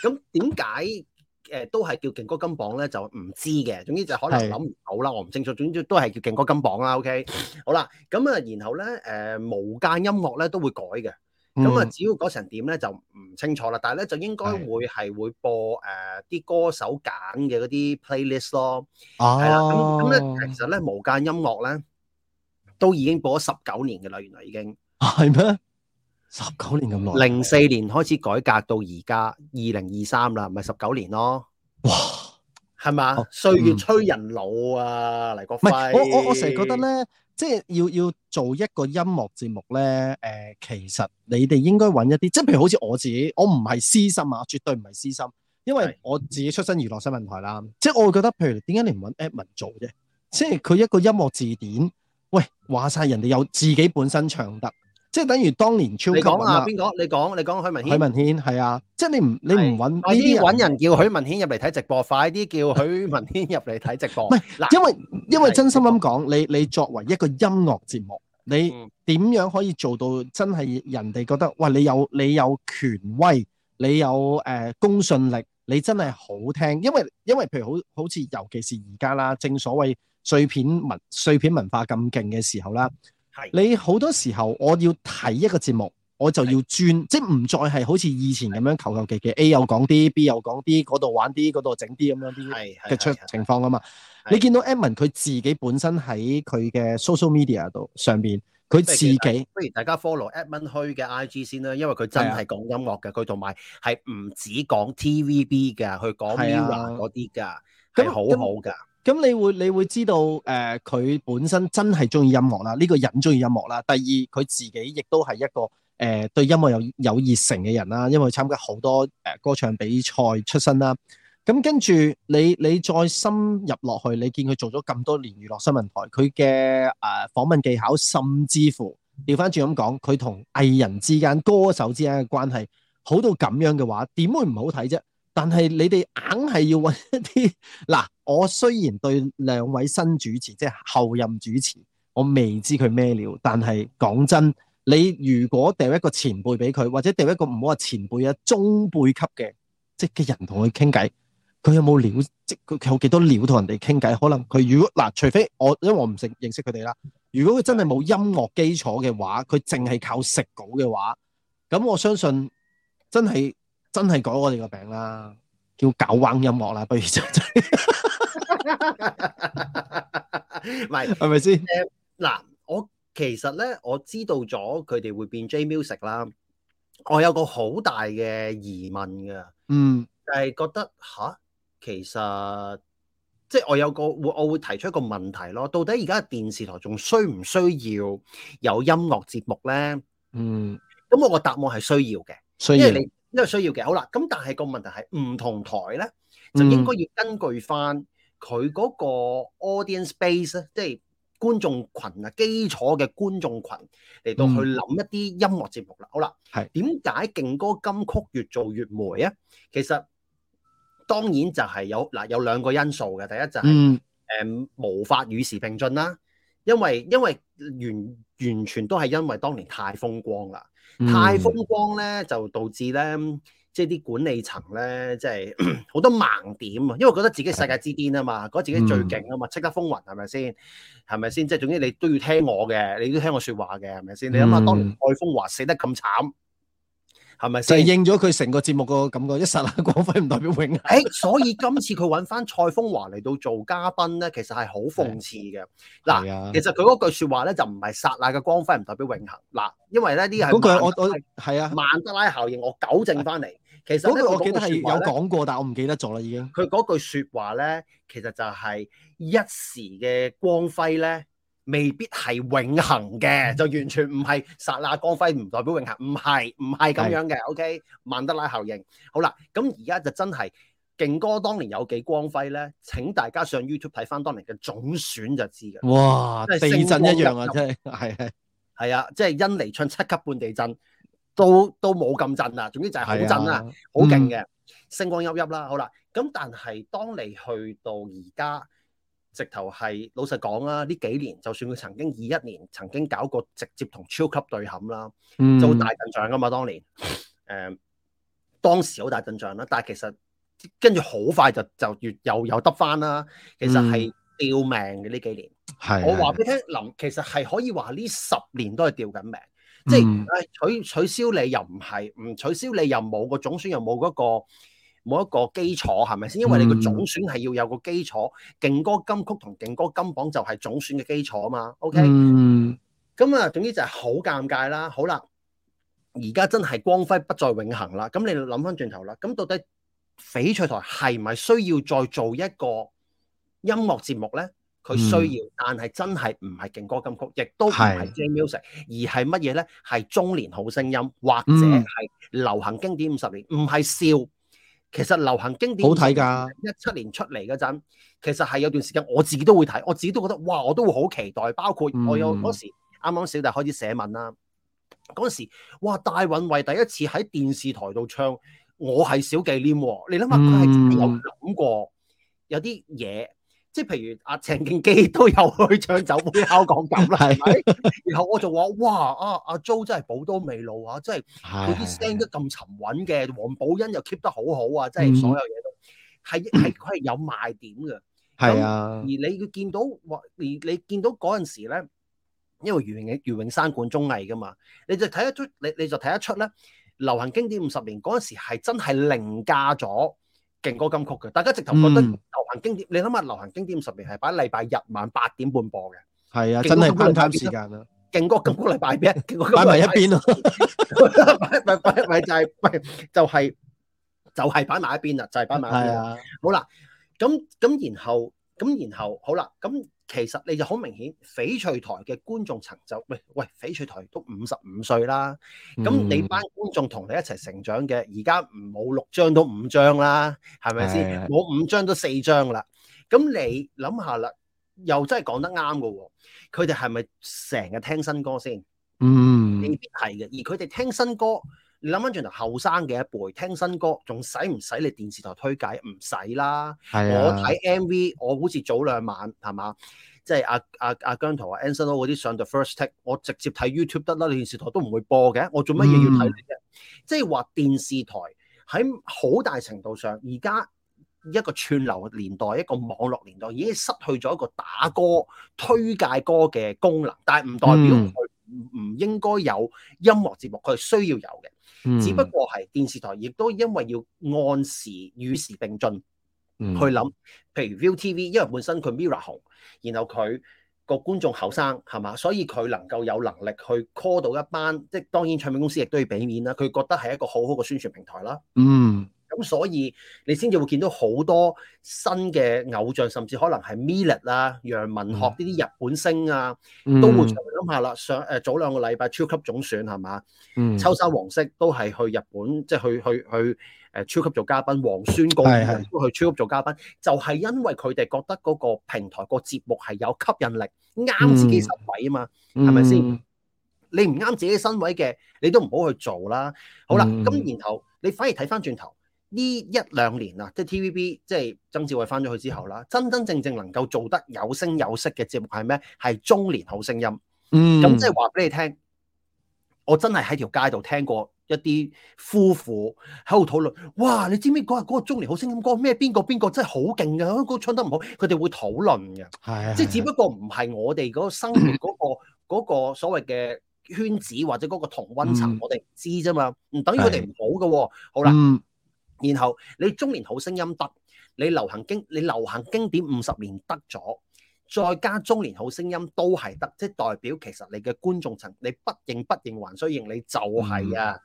咁點解？誒，都係叫勁歌金榜咧，就唔知嘅。總之就可能諗唔到啦，我唔清楚。總之都係叫勁歌金榜啦。OK，好啦，咁啊，然後咧，誒，無間音樂咧都會改嘅。咁啊，只要改成點咧就唔清楚啦。但係咧就應該會係會播誒啲歌手揀嘅嗰啲 playlist 咯。係啦，咁咁咧，其實咧無間音樂咧都已經播咗十九年嘅啦，原來已經。係咩？十九年咁耐，零四年開始改革到而家二零二三啦，咪十九年咯，哇，係嘛？哦、歲月催人老啊，黎國輝。唔係，我我我成日覺得咧，即係要要做一個音樂節目咧，誒、呃，其實你哋應該揾一啲，即係譬如好似我自己，我唔係私心啊，絕對唔係私心，因為我自己出身娛樂新聞台啦，即係我會覺得，譬如點解你唔揾阿文做啫？即係佢一個音樂字典，喂，話晒人哋有自己本身唱得。即係等於當年超級你講啊！邊個？你講、啊，你講許文軒。許文軒係啊，即係你唔你唔搵呢啲搵人叫許文軒入嚟睇直播，快啲叫許文軒入嚟睇直播。唔 (laughs) 嗱，因為因為真心咁講，你你作為一個音樂節目，你點樣可以做到真係人哋覺得哇？你有你有權威，你有誒、呃、公信力，你真係好聽。因為因為譬如好好似尤其是而家啦，正所謂碎片文碎片文化咁勁嘅時候啦。你好多時候，我要睇一個節目，我就要轉，即係唔再係好似以前咁樣求求其其。A 又講啲，B 又講啲，嗰度玩啲，嗰度整啲咁樣啲嘅出情況啊嘛。你見到 Edmond 佢自己本身喺佢嘅 social media 度上邊，佢自己不如大家 follow Edmond 虛嘅 IG 先啦，因為佢真係講音樂嘅，佢同埋係唔止講 TVB 嘅，佢講 Mirror 嗰啲嘅，係好好噶。咁你會你會知道，誒、呃、佢本身真係中意音樂啦，呢、這個人中意音樂啦。第二佢自己亦都係一個誒、呃、對音樂有有熱誠嘅人啦，因為參加好多、呃、歌唱比賽出身啦。咁、嗯、跟住你你再深入落去，你見佢做咗咁多年娛樂新聞台，佢嘅誒訪問技巧，甚至乎調返轉咁講，佢同藝人之間、歌手之間嘅關係好到咁樣嘅話，點會唔好睇啫？但係你哋硬係要搵一啲嗱，我雖然對兩位新主持即係後任主持，我未知佢咩料。但係講真，你如果掉一個前輩俾佢，或者掉一個唔好話前輩啊，中輩級嘅即嘅人同佢傾偈，佢有冇料即佢有幾多料同人哋傾偈？可能佢如果嗱，除非我因為我唔識認識佢哋啦。如果佢真係冇音樂基礎嘅話，佢淨係靠食稿嘅話，咁我相信真係。真係改我哋個名啦，叫搞玩音樂啦，不如就咪係咪先？嗱，我其實咧我知道咗佢哋會變 J Music 啦，我有個好大嘅疑問噶，嗯，就係覺得吓，其實即係我有個會我會提出一個問題咯，到底而家電視台仲需唔需要有音樂節目咧？嗯，咁我個答案係需要嘅，因為你。因為需要嘅，好啦，咁但係個問題係唔同台咧，就應該要根據翻佢嗰個 audience base 咧，嗯，即係觀眾群啊，基礎嘅觀眾群嚟到去諗一啲音樂節目啦。好啦，係點解勁歌金曲越做越霉啊？其實當然就係有嗱有兩個因素嘅，第一就係、是、誒、嗯、無法與時並進啦。因為因為完完全都係因為當年太風光啦，太風光咧就導致咧即係啲管理層咧即係好多盲點啊，因為覺得自己世界之巔啊嘛，覺得自己最勁啊嘛，叱咤風雲係咪先？係咪先？即係、就是、總之你都要聽我嘅，你都要聽我說話嘅係咪先？你諗下當年太風華死得咁慘。係咪就係應咗佢成個節目個感覺？一剎那光輝唔代表永恆。誒， (laughs) 所以今次佢揾翻蔡楓華嚟到做嘉賓咧，其實係好諷刺嘅。嗱，其實佢嗰句說話咧就唔係剎那嘅光輝唔代表永恒。嗱，因為咧啲係嗰句我我係啊，曼德拉效應，我糾正翻嚟。其實嗰句我記得係有講過，但我唔記得咗啦已經。佢嗰句說話咧，其實就係一時嘅光輝咧。未必係永恆嘅，就完全唔係剎那光輝，唔代表永恆，唔係唔係咁樣嘅。OK，曼德拉效應。好啦，咁而家就真係勁歌當年有幾光輝咧？請大家上 YouTube 睇翻當年嘅總選就知嘅。哇！地震一樣啊，真係係係係啊！即係印尼唱七級半地震，都都冇咁震啊。總之就係好震啊，好勁嘅，星光熠熠啦。好啦，咁但係當你去到而家。直頭係老實講啦，呢幾年就算佢曾經二一年曾經搞過直接同 Chill Club 對撼啦，就好大陣仗噶嘛，當年誒、呃、當時好大陣仗啦。但係其實跟住好快就就越又有得翻啦。其實係吊命嘅呢、嗯、幾年。我話俾你聽，林其實係可以話呢十年都係吊緊命，即、嗯、係、就是、取取消你又唔係，唔取消你又冇個總選又冇嗰、那個。冇一個基礎係咪先？因為你個總選係要有個基礎、嗯、勁歌金曲同勁歌金榜就係總選嘅基礎啊嘛。OK，咁、嗯、啊，總、嗯、之就係好尷尬啦。好啦，而家真係光輝不再永恆啦。咁你諗翻轉頭啦，咁到底翡翠台係唔係需要再做一個音樂節目咧？佢需要，嗯、但係真係唔係勁歌金曲，亦都唔係 J Music，而係乜嘢咧？係中年好聲音，或者係流行經典五十年，唔、嗯、係笑。其實流行經典好睇噶，一七年出嚟嗰陣，其實係有段時間我自己都會睇，我自己都覺得哇，我都會好期待。包括我有嗰時啱啱、嗯、小弟開始寫文啦，嗰時哇，戴韻慧第一次喺電視台度唱，我係小忌廉，你諗下佢係有諗過有啲嘢。即係譬如阿鄭敬基都有去唱酒杯敲鋼琴啦， (laughs) 然後我就話：哇啊阿 Jo 真係寶刀未老啊，即係佢啲聲得咁沉穩嘅，黃 (laughs) 寶欣又 keep 得好好啊，即係所有嘢都係係佢係有賣點嘅。係 (laughs) 啊，而你見到或而你見到嗰陣時咧，因為余詠余詠珊管綜藝噶嘛，你就睇得出你你就睇得出咧，流行經典五十年嗰陣時係真係凌駕咗。勁歌金曲嘅，大家直頭覺得流行經典，嗯、你諗下流行經典五十年係擺禮拜日晚八點半播嘅，係啊，真係 part time 時間啦。勁歌金曲禮拜俾人擺埋一邊咯，咪咪咪就係，咪就係，就係擺埋一邊啦，就係擺埋一邊係啊好。好啦，咁咁然後咁然後好啦，咁。其實你就好明顯，翡翠台嘅觀眾層就喂喂，翡翠台都五十五歲啦，咁、嗯、你班觀眾同你一齊成長嘅，而家唔冇六張都五張啦，係咪先？我五張都四張啦，咁你諗下啦，又真係講得啱嘅喎，佢哋係咪成日聽新歌先？嗯，未必係嘅，而佢哋聽新歌。你諗翻轉頭，後生嘅一輩聽新歌，仲使唔使你電視台推介？唔使啦。我睇 MV，我好似早兩晚係嘛？即係阿阿阿姜濤啊、Anson 嗰啲上到 First Take，我直接睇 YouTube 得啦。你電視台都唔會播嘅，我做乜嘢要睇你？嗯、即係話電視台喺好大程度上，而家一個串流年代、一個網絡年代，已經失去咗一個打歌推介歌嘅功能。但係唔代表佢唔應該有音樂節目，佢係需要有嘅。只不過係電視台亦都因為要按時與時並進去諗，譬如 ViuTV，因為本身佢 Mirror 紅，然後佢個觀眾後生係嘛？所以佢能夠有能力去 call 到一班，即係當然唱片公司亦都要俾面啦，佢覺得係一個好好嘅宣傳平台啦。嗯。咁所以你先至會見到好多新嘅偶像，甚至可能係 Milet、啊、啦、楊文學呢啲日本星啊，嗯、都會諗下啦。上誒、呃、早兩個禮拜 Chill Club 總選係嘛、嗯？秋生黃色都係去日本，即係去去去誒 Chill Club 做嘉賓，黃宣個都去 Chill Club 做嘉賓，嗯、就係、是、因為佢哋覺得嗰個平台、個節目係有吸引力，啱自己身位啊嘛，係咪先？你唔啱自己身位嘅，你都唔好去做啦。好啦，咁、嗯、然後你反而睇翻轉頭。呢一兩年啊，即係 TVB，即係曾志偉翻咗去之後啦，真真正正能夠做得有聲有色嘅節目係咩？係中年好聲音。嗯，咁即係話俾你聽，我真係喺條街度聽過一啲夫婦喺度討論。哇！你知唔知嗰日嗰個中年好聲音歌咩邊個邊個真係好勁嘅？唱得唔好，佢哋會討論嘅。係啊，即係只不過唔係我哋嗰個生活嗰個所謂嘅圈子或者嗰個同溫層，我哋唔知啫嘛。唔等於佢哋唔好嘅。好啦。嗯然後你中年好聲音得，你流行經你流行經典五十年得咗，再加中年好聲音都係得，即係代表其實你嘅觀眾層，你不認不認還須認，你就係啊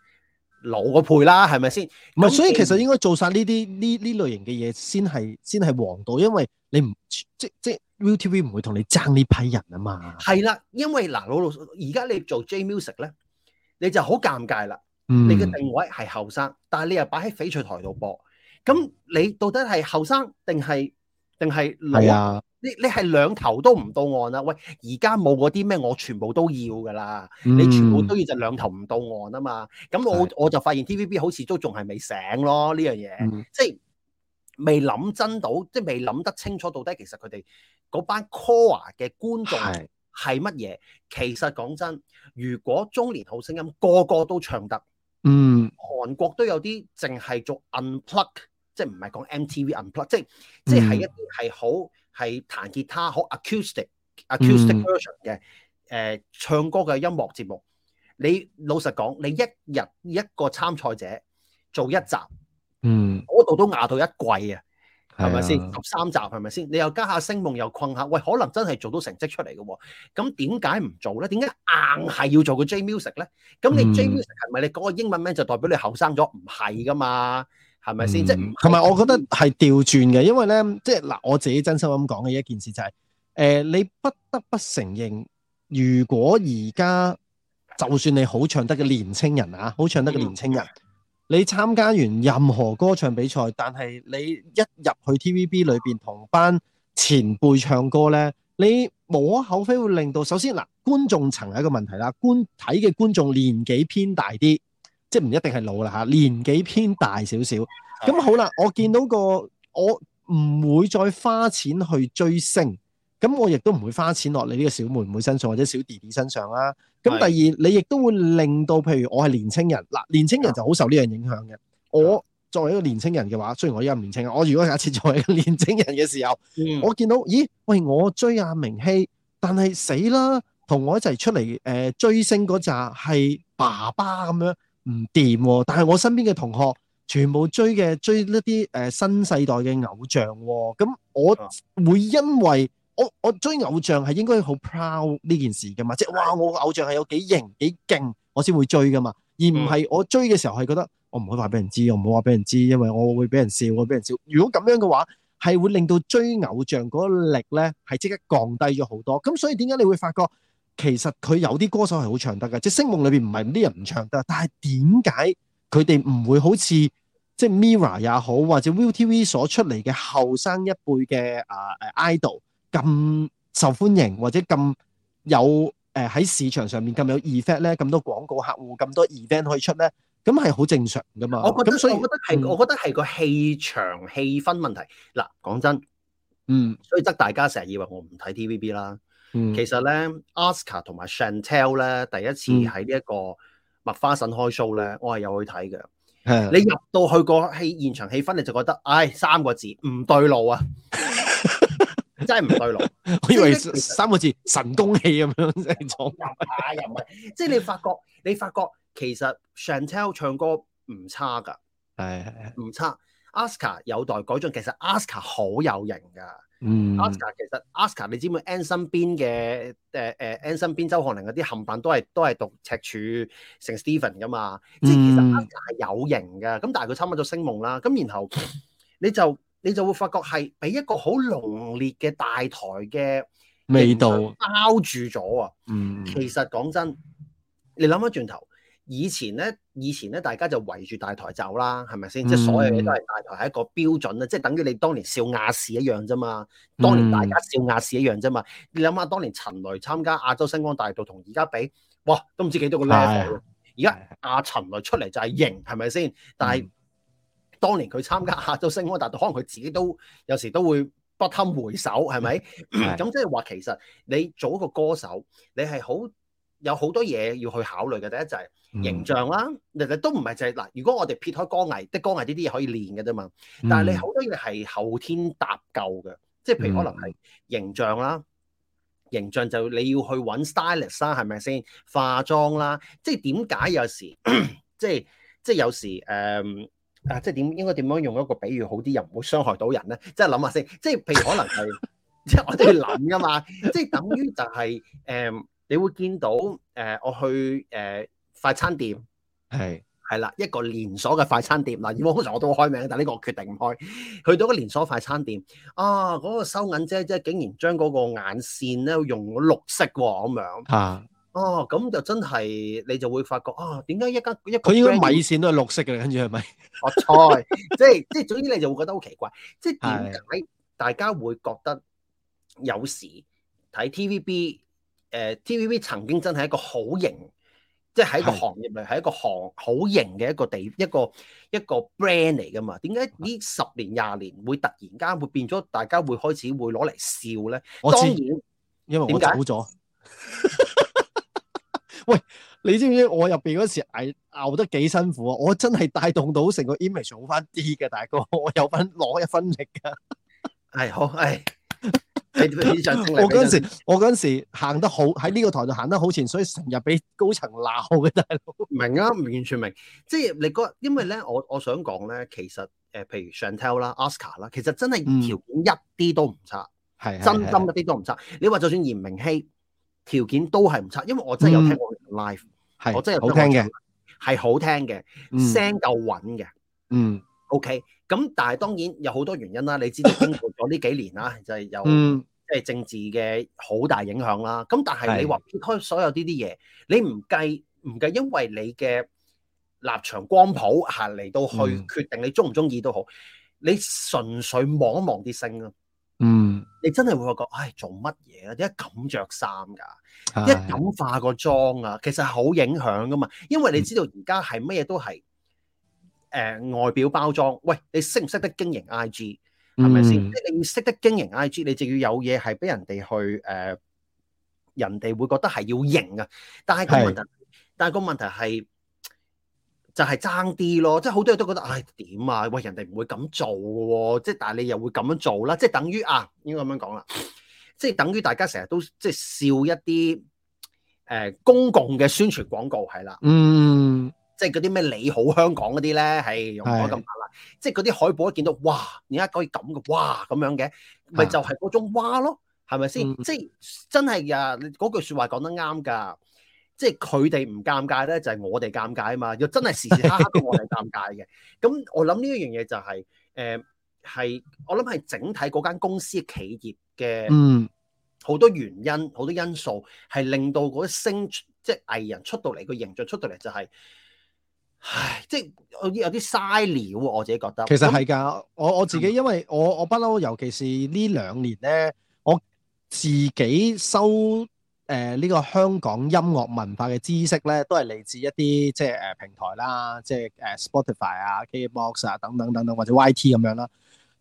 老嗰輩啦，係咪先？唔係，所以其實應該做晒呢啲呢呢類型嘅嘢，先係先係王道，因為你唔即即係 Viu TV 唔會同你爭呢批人啊嘛。係啦，因為嗱老老而家你做 J Music 咧，你就好尷尬啦。嗯、你嘅定位係後生，但係你又擺喺翡翠台度播，咁你到底係後生定係定係老啊？你你係兩頭都唔到岸啦，啊。喂，而家冇嗰啲咩，我全部都要噶啦，嗯。你全部都要就兩頭唔到岸啊嘛。咁我我就發現 TVB 好似都仲係未醒咯，呢樣嘢，即係未諗真到，即係未諗得清楚到底其實佢哋嗰班 core 嘅觀眾係乜嘢。其實講真，如果中年好聲音個個都唱得，嗯，韓國都有啲淨係做 unplug，即係唔係講 MTV unplug，、嗯、即係即係一啲係好係彈吉他好 acoustic acoustic version 嘅誒、嗯呃，唱歌嘅音樂節目。你老實講，你一日一個參賽者做一集，嗯，嗰度都壓到一季啊！係咪先十三集？係咪先？你又加一下星夢，又困下，喂，可能真係做到成績出嚟嘅。咁點解唔做咧？點解硬係要做個 J Music 咧？咁你 J Music 係咪你嗰個英文名就代表你後生咗？唔係噶嘛？係咪先？即係同埋，我覺得係調轉嘅，因為咧，即係嗱，我自己真心咁講嘅一件事就係、是，誒、呃，你不得不承認，如果而家就算你好唱得嘅年青人啊，好唱得嘅年青人。嗯你參加完任何歌唱比賽，但係你一入去 TVB 裏面同班前輩唱歌呢，你無可厚非會令到，首先嗱，觀眾層係一個問題啦。觀睇嘅觀眾年紀偏大啲，即係唔一定係老啦吓，年紀偏大少少。咁好啦，我見到個我唔會再花錢去追星。咁我亦都唔會花錢落你呢個小妹妹身上或者小弟弟身上啦、啊。咁第二，你亦都會令到，譬如我係年青人，嗱年青人就好受呢樣影響嘅。我作為一個年青人嘅話，雖然我依家唔年青，我如果假設一次作為一個年青人嘅時候、嗯，我見到，咦，喂，我追阿、啊、明熙，但係死啦，同我一齊出嚟、呃、追星嗰扎係爸爸咁樣唔掂喎。但係我身邊嘅同學全部追嘅追一啲、呃、新世代嘅偶像喎、啊。咁我會因為我我追偶像係應該好 proud 呢件事噶嘛，即係哇我個偶像係有幾型幾勁，我先會追噶嘛，而唔係我追嘅時候係覺得我唔可以話俾人知，我唔好話俾人知，因為我會俾人笑我俾人笑。如果咁樣嘅話，係會令到追偶像嗰個力咧係即刻降低咗好多。咁所以點解你會發覺其實佢有啲歌手係好唱得嘅，即係聲夢裏邊唔係啲人唔唱得，但係點解佢哋唔會好似即係 Mirror 也好，或者 ViuTV 所出嚟嘅後生一輩嘅啊誒 idol？咁受歡迎或者咁有誒喺、呃、市場上面咁有 effect 咧，咁多廣告客戶，咁多 event 可以出咧，咁係好正常噶嘛？我覺得，嗯、所以我覺得係，我覺得係個氣場氣氛問題。嗱，講真，嗯，所以得大家成日以為我唔睇 TVB 啦。嗯、其實咧，Oscar 同埋 Chantel 咧，第一次喺呢一個麥花臣開 show 咧，我係有去睇嘅。你入到去個氣現場氣氛，你就覺得，唉、哎，三個字唔對路啊！ (laughs) 真係唔對路， (laughs) 我以為三個字神功戲咁樣嚟講，又唔係，即係你發覺，你發覺其實 Chantel 唱歌唔差㗎，係 (laughs) 唔不差。Oscar (laughs) 有待改進，其實 Oscar 好有型㗎，Oscar、嗯、其實 Oscar (laughs) 你知唔知？Anson Bean 嘅誒誒 Anson Bean 周漢寧嗰啲冚唪唥都係都係讀赤柱成 Stephen 㗎嘛，嗯、即係其實 Oscar 係有型㗎，咁但係佢參加咗聲夢啦，咁然後你就。 (laughs) 你就會發覺係俾一個好濃烈嘅大台嘅味道包住咗啊！其實講真，你諗翻轉頭，以前咧，以前咧，大家就圍住大台走啦，係咪先？即、嗯、係所有嘢都係大台係一個標準啦，即、就、係、係、等於你當年笑亞視一樣啫嘛。當年大家笑亞視一樣啫嘛。你諗下，當年陳雷參加亞洲星光大道同而家比，哇，都唔知幾多個 level。而家阿陳雷出嚟就係型，係咪先？但係。嗯當年佢參加亞洲星光大道，但係可能佢自己都有時都會不堪回首，係咪？咁即係話其實你做一個歌手，你係好有好多嘢要去考慮嘅。第一就係、是、形象啦，其、嗯、實都唔係就係、是、嗱。如果我哋撇開歌藝，啲歌藝呢啲嘢可以練嘅啫嘛。但係你好多嘢係後天搭構嘅，即係譬如可能係形象啦，形象就你要去揾 stylist 啦，係咪先？化妝啦，即係點解有時即係即係有時誒？嗯啊，即係點應該點樣用一個比喻好啲，又唔會傷害到人咧？即係諗下先，即係譬如可能係 (laughs) 即係我哋諗噶嘛，即係等於就係、是、誒、呃，你會見到誒、呃，我去誒、呃、快餐店係係啦，一個連鎖嘅快餐店嗱，以往通常我都開名，但呢個我決定唔開。去到個連鎖快餐店啊，嗰、那個收銀姐姐竟然將嗰個眼線咧用咗綠色喎，咁樣、啊哦，咁就真係你就會發覺啊，點、哦、解一間一佢依家應米線都係綠色嘅，跟住係咪？我 (laughs) 猜、嗯，即係即係，總之你就會覺得好奇怪，即係點解大家會覺得有時睇 T V B？誒、呃、T V B 曾經真係一個好型，即係喺個行業裏係一個行好型嘅一個地一個一個 brand 嚟噶嘛？點解呢十年廿年會突然間會變咗，大家會開始會攞嚟笑咧？我知，因為我走咗。喂，你知唔知我入邊嗰時挨熬，熬得幾辛苦啊？我真係帶動到成個 image 好翻啲嘅，大哥，我有份攞一分力噶。係、 (laughs) 哎、好，係你上我嗰時，我嗰時， (laughs) 我嗰時行得好喺呢個台度行得好前，所以成日俾高層鬧嘅，大佬。明啊，唔完全明，即係你嗰，因為咧，我我想講咧，其實誒，譬如 Chantel 啦，Oscar 啦，其實真係條件一啲都唔差，係、嗯、真心一啲都唔差，差。你話就算炎明熹。條件都係唔差，因為我真係有聽過 live，我、嗯、我真係有聽過的，係好聽嘅、嗯，聲夠穩嘅，嗯，OK。咁但係當然有好多原因啦，你知道經過咗呢幾年啦、嗯，就係、是、有即係政治嘅好大影響啦。咁、嗯、但係你話撇開所有呢啲嘢，你唔計唔計，因為你嘅立場光譜嚇嚟到去、嗯、決定你中唔中意都好，你純粹望一望啲聲啊。嗯，你真係會發覺得，唉，做乜嘢啊？點解咁着衫噶？一咁化個妝啊，其實好影響噶嘛。因為你知道而家係乜嘢都係，誒、嗯呃，外表包裝。喂，你識唔識得經營 I G？係咪先？你識得經營 I G，你就要有嘢係俾人哋去，誒、呃，人哋會覺得係要型啊。但係個問題，是但係個問題係。就係爭啲咯，即係好多人都覺得，唉點啊？喂，人哋唔會咁做嘅喎，即係但係你又會咁樣做啦，即係等於啊，應該咁樣講啦，即係等於大家成日都即係笑一啲誒、呃、公共嘅宣傳廣告係啦，嗯，即係嗰啲咩你好香港嗰啲咧，係用我咁話啦，即係嗰啲海報一見到，哇！而家可以咁嘅，哇咁樣嘅，咪就係、是、嗰種哇咯，係咪先？即係真係呀！嗰句説話講得啱㗎。即係佢哋唔尷尬咧，就係我哋尷尬啊嘛！又真係時時刻刻都我哋尷尬嘅。咁 (laughs) 我諗呢一樣嘢就係、是，誒、呃、係我諗係整體嗰間公司企業嘅好多原因、好、嗯、多因素，係令到嗰啲星即係藝人出到嚟、那個形象出到嚟就係、是，唉，即、就、係、是、有啲有啲嘥料。我自己覺得其實係㗎，我我自己因為我我不嬲，尤其是呢兩年咧、嗯，我自己收。誒、呃、呢、這個香港音樂文化嘅知識咧，都係嚟自一啲即、呃、平台啦，即係、呃、Spotify 啊、Kbox 啊等等等等，或者 YT 咁樣啦。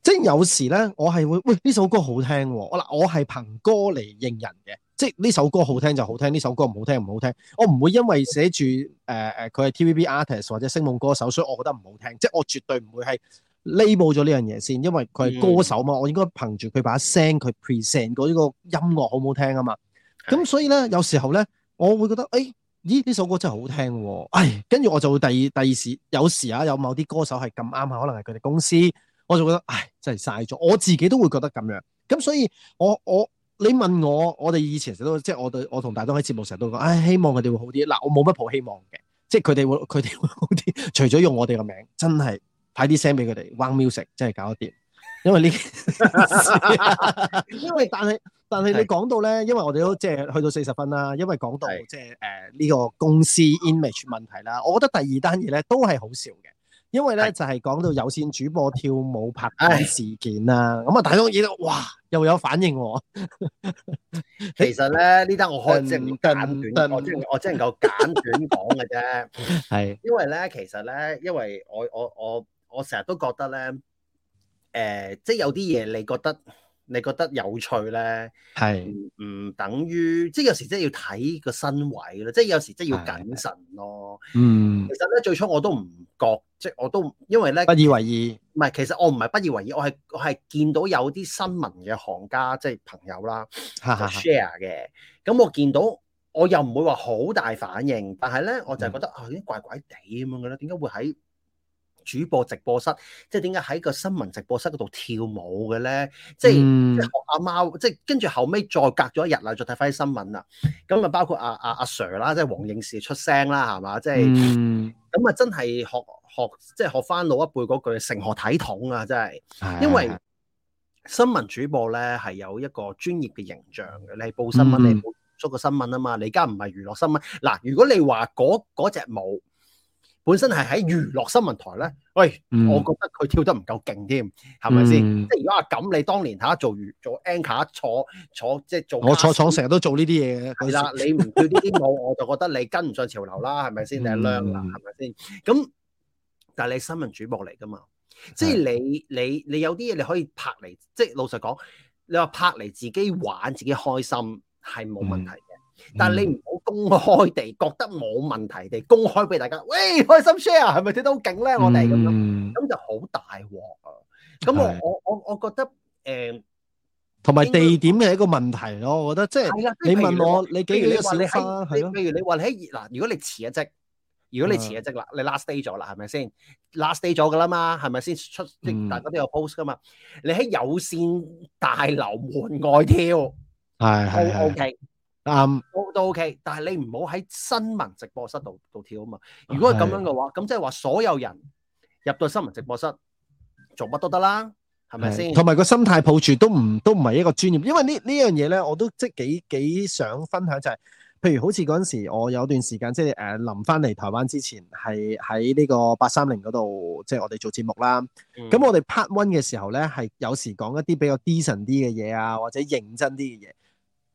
即有時咧，我係會喂呢首歌好聽喎、哦。我嗱，我係憑歌嚟認人嘅，即係呢首歌好聽就好聽，呢首歌唔好聽唔好聽。我唔會因為寫住誒誒佢係 TVB artist 或者星夢歌手，所以我覺得唔好聽。即我絕對唔會係 label 咗呢樣嘢先，因為佢係歌手嘛。嗯、我應該憑住佢把聲，佢 present 過呢個音樂好唔好聽啊嘛。咁所以咧，有時候咧，我會覺得，誒、哎，咦，呢首歌真係好聽喎、啊，跟住我就會第二第二時，有時啊，有某啲歌手係咁啱啊，可能係佢哋公司，我就覺得，唉，真係嘥咗，我自己都會覺得咁樣。咁所以我，我我你問我，我哋以前成日都，即係我我同大東喺節目成日都講，唉，希望佢哋會好啲。嗱，我冇乜抱希望嘅，即係佢哋會佢哋會好啲，除咗用我哋個名，真係派啲聲俾佢哋，One Music 真係搞掂，因為呢， (laughs) 因為但係。但係你講到咧，因為我哋都即係去到四十分啦。因為講到即係誒呢個公司 image 問題啦，我覺得第二單嘢咧都係好笑嘅，因為咧就係、係、講到有線主播跳舞拍片事件啦。咁啊，大家見到，哇，又有反應喎、啊。其實咧呢 (laughs) 單我可能簡短？ (laughs) 我只我只能夠簡短講嘅啫。係。 (laughs) 因為咧，其實咧，因為我我我我成日都覺得咧，誒、呃，即係有啲嘢你覺得。你覺得有趣咧，係唔、嗯、等於即係有時真係要睇個身位咯，即係有時真係要謹慎咯。嗯，其實咧最初我都唔覺得，即係我都因為咧不以為意。唔係，其實我唔係不以為意，我係我係見到有啲新聞嘅行家即係朋友啦，就 share 嘅。咁我見到我又唔會話好大反應，但係咧我就係覺得啊，已、嗯、經、哎、怪怪地咁樣嘅啦，點解會喺主播直播室，即係點解喺個新聞直播室嗰度跳舞嘅咧、嗯？即係學阿貓，即係跟住後尾再隔咗一日啦，再睇翻啲新聞啦。咁啊，包括阿阿阿 Sir 啦，即係黃應士出聲啦，係嘛？即係咁啊，嗯、真係學學，即係學翻老一輩嗰句，成何體統啊！真係，因為新聞主播咧係有一個專業嘅形象嘅，你報新聞，你報出個新聞啊嘛，嗯、你而家唔係娛樂新聞嗱。如果你話嗰嗰隻舞，本身係喺娛樂新聞台咧，喂，我覺得佢跳得唔夠勁添，係咪先？即係如果阿感你當年嚇、啊、做娛做 anchor 坐坐即係做，我坐坐成日都做呢啲嘢嘅。係啦，你唔跳呢啲舞， (laughs) 我就覺得你跟唔上潮流啦，係咪先？嗯、是是是你係靚啦，係咪先？咁但係你新聞主播嚟噶嘛？即係你你你，你有啲嘢你可以拍嚟，即係老實講，你話拍嚟自己玩自己開心係冇問題。嗯但係你唔好公開地覺得冇問題地公開俾大家，喂，開心 share 係咪跳得好勁咧？我哋咁樣咁就好大鑊啊！咁我我我我覺得誒，同埋地點係一個問題咯。我覺得即係你問我，你幾月嘅時？你喺，你譬如你話喺，嗱，如果你辭咗職，如果你辭咗職啦，你 last day 咗啦，係咪先？last day 咗噶啦嘛，係咪先出？大家都有 post 噶嘛？你喺有線大樓門外跳，係係 OK。都都 OK，但係你唔好喺新聞直播室度度跳啊嘛！如果咁樣嘅話，咁即係話所有人入到新聞直播室做乜都得啦，係咪先？同埋個心態抱住都唔都唔係一個專業，因為這、這個、呢呢樣嘢咧，我都即係幾幾想分享就係、是，譬如好似嗰陣時候，我有段時間即係誒，臨翻嚟台灣之前，係喺呢個八三零嗰度，即係我哋做節目啦。咁、嗯、我哋 part one 嘅時候咧，係有時講一啲比較 decent 啲嘅嘢啊，或者認真啲嘅嘢。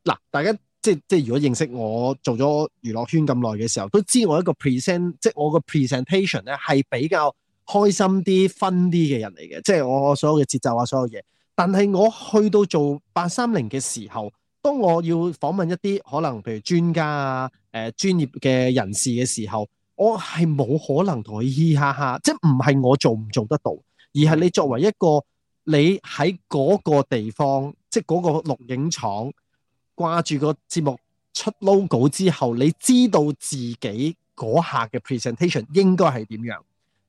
嗱，大家。即即如果認識我做咗娛樂圈咁耐嘅時候，都知我一個 present，即我個 presentation 咧係比較開心啲、fun 啲嘅人嚟嘅。即我所有嘅節奏啊，所有嘢。但係我去到做八三零嘅時候，當我要訪問一啲可能譬如專家啊、誒、呃、專業嘅人士嘅時候，我係冇可能同佢嘻嘻哈哈。即唔係我做唔做得到，而係你作為一個你喺嗰個地方，即嗰個錄影廠。掛住個節目出 logo 之後，你知道自己嗰下嘅 presentation 應該係點樣？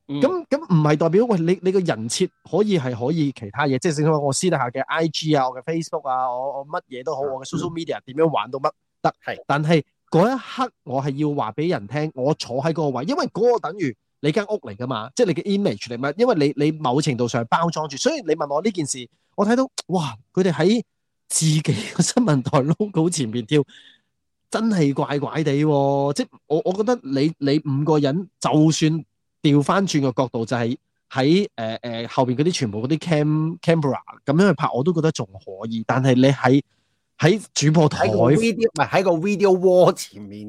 咁咁唔係代表喂，你你個人設可以係可以其他嘢，即係只我私底下嘅 IG 啊，我嘅 Facebook 啊，我我乜嘢都好，我嘅 social media 點樣玩到乜得？係、嗯，但係嗰一刻我係要話俾人聽，我坐喺嗰個位，因為嗰個等於你間屋嚟噶嘛，即係你嘅 image 嚟嘛，因為你你某程度上係包裝住，所以你問我呢件事，我睇到哇，佢哋喺。自己個新聞台 logo 前面跳，真係怪怪地喎、哦！即係我，我覺得你你五個人就算調翻轉個角度，就係喺誒誒後邊嗰啲全部嗰啲 cam camera 咁樣去拍，我都覺得仲可以。但係你喺喺主播台喺 video 唔係喺個 video wall 前面，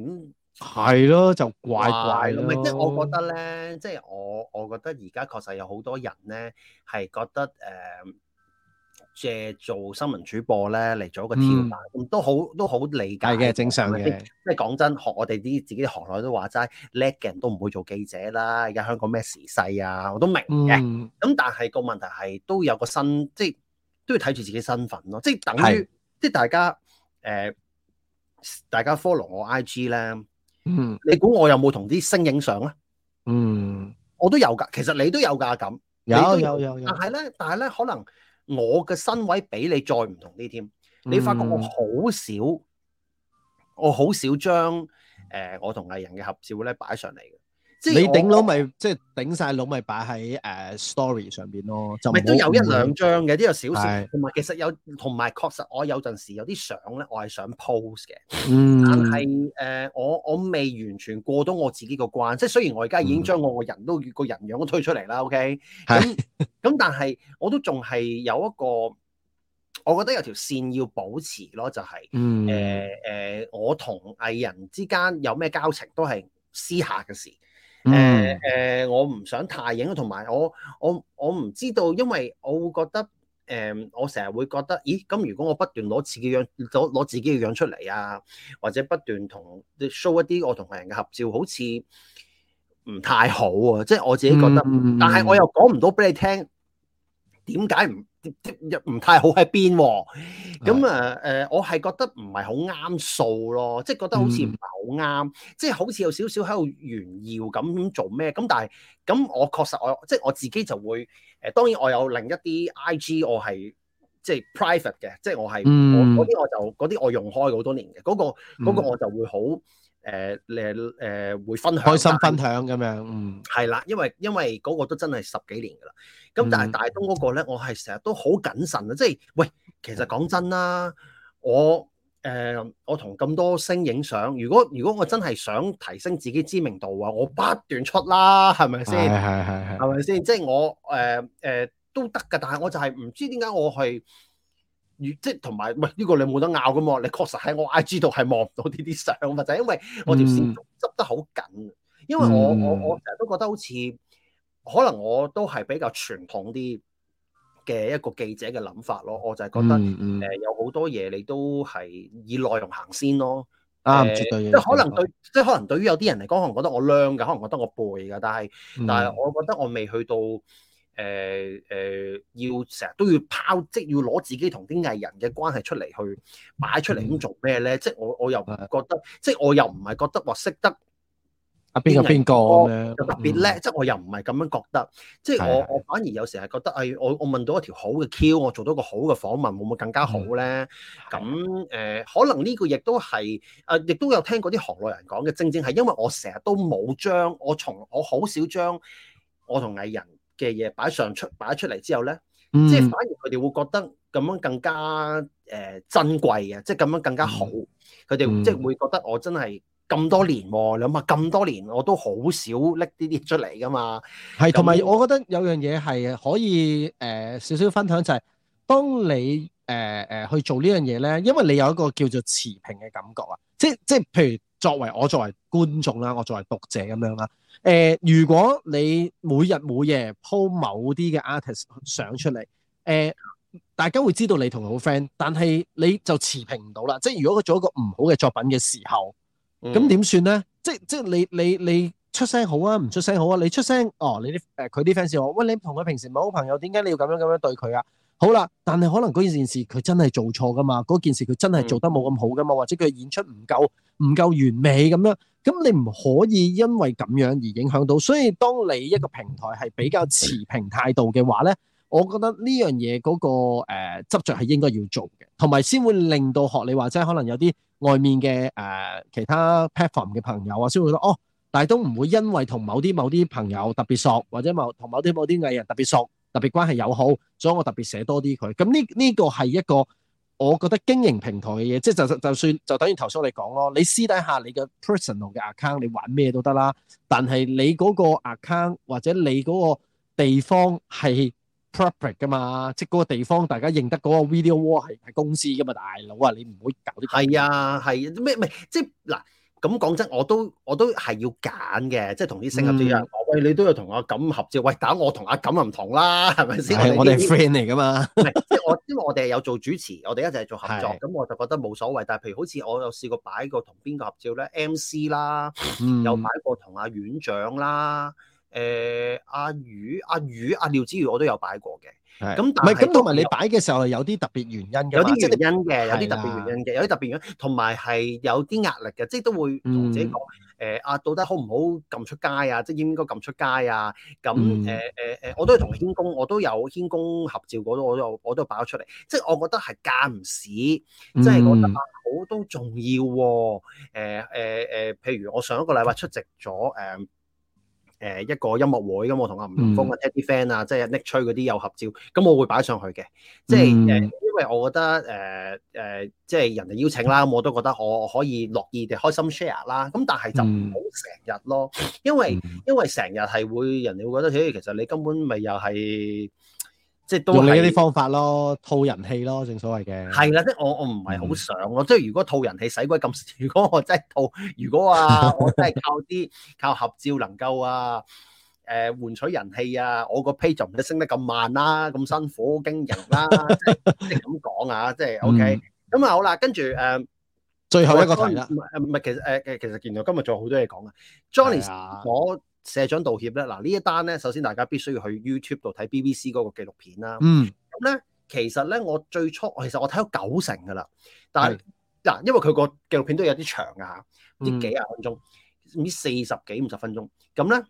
係咯、啊，就怪怪咯。即係、啊就是、我覺得咧，即、就、係、是、我我覺得而家確實有好多人咧係覺得誒。呃借做新聞主播咧嚟做一個跳板，咁、嗯、都好都好理解嘅，正常嘅。即係講真，學我哋啲自己行內都話齋，叻嘅人都唔會做記者啦。而家香港咩時勢啊，我都明嘅。咁、嗯、但係個問題係都有個身，即係都要睇住自己身份咯。即係等於即係大家誒、呃，大家 follow 我 IG 咧。嗯，你估我有冇同啲星影相啊？嗯，我都有㗎。其實你都有㗎，咁，有有有有，有。但係咧，但係咧，可能。我嘅身位比你再唔同啲添，你發覺我好少，我好少將誒、呃、我同藝人嘅合照咧擺上嚟嘅。即你頂佬咪即係頂晒佬咪擺喺 story 上面咯，咪都有一兩張嘅，都有小，小事。同埋其實有同埋確實我我、嗯呃，我有陣時有啲相咧，我係想 post 嘅，但係我我未完全過到我自己個關。即係雖然我而家已經將我個人都個、嗯、人樣都推出嚟啦，OK，咁咁但係我都仲係有一個，我覺得有條線要保持咯，就係、是嗯呃呃、我同藝人之間有咩交情都係私下嘅事。誒、嗯、誒、呃呃，我唔想太影，同埋我我我唔知道，因為我會覺得誒、呃，我成日會覺得，咦？咁如果我不斷攞自己嘅樣，攞攞自己嘅樣出嚟啊，或者不斷同 show 一啲我同人嘅合照，好似唔太好啊！即、就、係、是、我自己覺得，嗯、但係我又講唔到俾你聽，點解唔？即唔太好喺邊，咁啊，誒、呃，我係覺得唔係好啱數咯，即係覺得好似唔係好啱，即係好似有少少喺度炫耀，咁做咩？咁但係，咁我確實我即係我自己就會，誒、呃，當然我有另一啲 I G，我係即係 private 嘅，即係我係，嗰、嗯、啲我，我就嗰啲我用開好多年嘅，嗰、嗰個、嗰個我就會好。嗯誒、呃，嚟、呃、誒、呃、會分享開心分享咁樣，嗯係啦，因為因為嗰個都真係十幾年噶啦，咁但係大東嗰個咧、嗯，我係成日都好謹慎啊，即、就、係、是、喂，其實講真啦，我誒、呃、我同咁多星影相，如果如果我真係想提升自己知名度話，我不斷出啦，係咪先係係係係，係咪先即係我誒誒、呃呃、都得噶，但係我就係唔知點解我係。即係同埋，唔呢、呢個你冇得拗噶嘛？你確實喺我 IG 度係望唔到呢啲相，就係因為我條線執得好緊。因為我、嗯、我我成日都覺得好似，可能我都係比較傳統啲嘅一個記者嘅諗法咯。我就係覺得，誒、嗯呃、有好多嘢你都係以內容行先咯。啊，呃、絕對！呃、即係可能對，即係可，可能對於有啲人嚟講，可能覺得我靚㗎，可能覺得我背㗎，但係、嗯、但係我覺得我未去到。誒、呃、誒、呃，要成日都要拋，即要攞自己同啲藝人嘅關係出嚟去擺出嚟，咁做咩咧？即係我我又覺得，即係我又唔係覺得話識得阿邊個邊個特別叻、啊。即係我又唔係咁樣覺得。即係我我反而有時係覺得，誒、哎，我我問到一條好嘅 Q，我做到個好嘅訪問，會唔會更加好咧？咁誒、呃，可能呢個亦都係啊，亦都有聽過啲行內人講嘅，正正係因為我成日都冇將我從我好少將我同藝人。嘅嘢擺上出擺出嚟之後咧、嗯，即係反而佢哋會覺得咁樣更加誒、呃、珍貴嘅，即係咁樣更加好。佢哋即係會覺得我真係咁多年，諗下咁多年我都好少拎啲啲出嚟㗎嘛。係，同、嗯、埋我覺得有樣嘢係可以誒、呃、少少分享就係、是，當你誒誒、呃呃、去做這件事呢樣嘢咧，因為你有一個叫做持平嘅感覺啊。即即係譬如作為我作為觀眾啦，我作為讀者咁樣啦。誒、呃，如果你每日每夜鋪某啲嘅 artist 相出嚟，誒、呃，大家會知道你同佢好 friend，但係你就持平唔到啦。即係如果佢做一個唔好嘅作品嘅時候，咁點算咧？即係即係你你你，你出聲好啊，唔出聲好啊？你出聲，哦，你啲誒佢啲 fans 話，喂，你同佢平時唔係好朋友，點解你要咁樣咁樣對佢啊？好啦，但係可能嗰件事佢真係做錯噶嘛，嗰件事佢真係做得冇咁好噶嘛，嗯、或者佢演出唔夠唔夠完美咁樣。咁你唔可以因為咁樣而影響到，所以當你一個平台係比較持平態度嘅話咧，我覺得呢樣嘢嗰個誒執著係應該要做嘅，同埋先會令到學你話齋，可能有啲外面嘅誒其他 platform 嘅朋友啊，先會覺得哦。但係都唔會因為同某啲某啲朋友特別熟，或者某同某啲某啲藝人特別熟，特別關係友好，所以我特別寫多啲佢。咁呢呢個係一個。我覺得經營平台嘅嘢，即係就就算就等於頭先我哋講咯，你私底下你嘅 personal 嘅 account，你玩咩都得啦。但係你嗰個 account 或者你嗰個地方係 property 㗎嘛，即係嗰個地方大家認得嗰個 video wall 係公司㗎嘛，大佬啊，你唔可以搞啲係啊係咩？唔係、啊、即係嗱。咁講真，我都我都係要揀嘅，即係同啲星級啲人喂，你都要同阿錦合照。喂，但我同阿錦唔同啦，係咪先？我哋 friend 嚟噶嘛，即係我因為我哋有做主持，我哋一直係做合作，咁 (laughs) 我就覺得冇所謂。但係譬如好似我有試過擺過同邊個合照咧，MC 啦、嗯，有擺過同阿院長啦、呃，阿魚、阿魚、阿廖子妤，我都有擺過嘅。咁，唔係咁，同埋你擺嘅時候係有啲特別原因嘅，有啲原因嘅、就是，有啲特別原因嘅，有啲特別原因，同埋係有啲壓力嘅，即係都會同自己講，啊、嗯呃，到底好唔好撳出街啊？即係應唔應該撳出街啊？咁、嗯嗯呃、我都係同軒工，我都有軒工合照嗰度，我都我都擺咗出嚟，即係我覺得係間唔使，即係我覺得好都重要喎、啊呃呃呃。譬如我上一個禮拜出席咗誒一個音樂會咁，我同阿吳林峰啊、Teddy Fan 啊，即係 Nick 吹嗰啲有合照，咁我會擺上去嘅。即係誒，就是、因為我覺得誒誒，即、呃、係、呃就是、人哋邀請啦，咁我都覺得我可以樂意地開心 share 啦。咁但係就唔好成日咯，因為、嗯、因為成日係會人哋會覺得、欸，其實你根本咪又係。即係都用你嗰啲方法咯，套人氣咯，正所謂嘅。係啦，即係我我唔係好想咯，即係如果套人氣使鬼咁，如果我真係套，如果啊，我真係靠啲靠合照能夠啊，誒換取人氣啊，我個批就唔使升得咁慢啦，咁辛苦經營啦，即係咁講啊，即係 OK。咁啊好啦，跟住誒，最後一個問題啦。唔係唔係，其實誒其實其實見到今日仲有好多嘢講啊，Johnny 我。社長道歉咧，嗱呢一單咧，首先大家必須要去 YouTube 度睇 BBC 嗰個紀錄片啦。嗯，咁咧，其實咧我最初，其實我睇咗九成噶啦，但係嗱，嗯、因為佢個紀錄片都有啲長噶吓，啲幾廿分鐘，唔、嗯、知四十幾五十分鐘，咁咧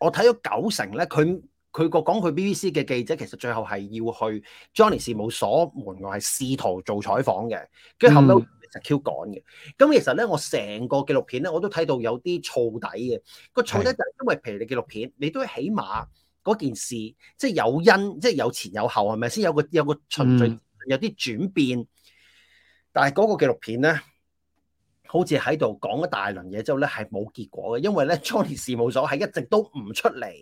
我睇咗九成咧，佢佢個講佢 BBC 嘅記者，其實最後係要去 Johnny 事務所門外，係試圖做採訪嘅，跟住後尾。就 Q 講嘅，咁其實咧，我成個紀錄片咧，我都睇到有啲燥底嘅。個燥底就係因為，譬如你紀錄片，你都起碼嗰件事，即係有因，即係有前有後，係咪先有個有個循序，有啲轉變。嗯、但係嗰個紀錄片咧，好似喺度講一大輪嘢之後咧，係冇結果嘅，因為咧，Johnny 事務所係一直都唔出嚟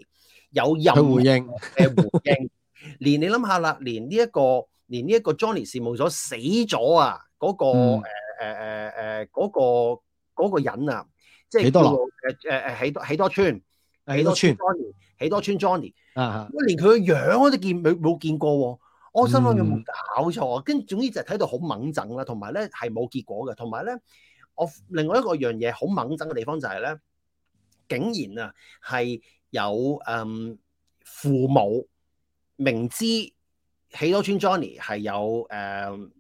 有任何嘅回應。回應 (laughs) 連你諗下啦，連呢、這、一個，連呢一個 Johnny 事務所死咗啊！嗰、那個誒誒誒誒嗰個嗰個人啊，即係喜多樂誒誒誒喜多喜多川，喜多川 Johnny，喜多川 Johnny、啊啊、我連佢個樣我都見冇冇見過喎、啊，我心諗有冇搞錯、啊，跟、嗯、總之就係睇到好掹掙啦，同埋咧係冇結果嘅，同埋咧我另外一個樣嘢好掹掙嘅地方就係、是、咧，竟然啊係有誒、嗯、父母明知喜多川 Johnny 係有誒。嗯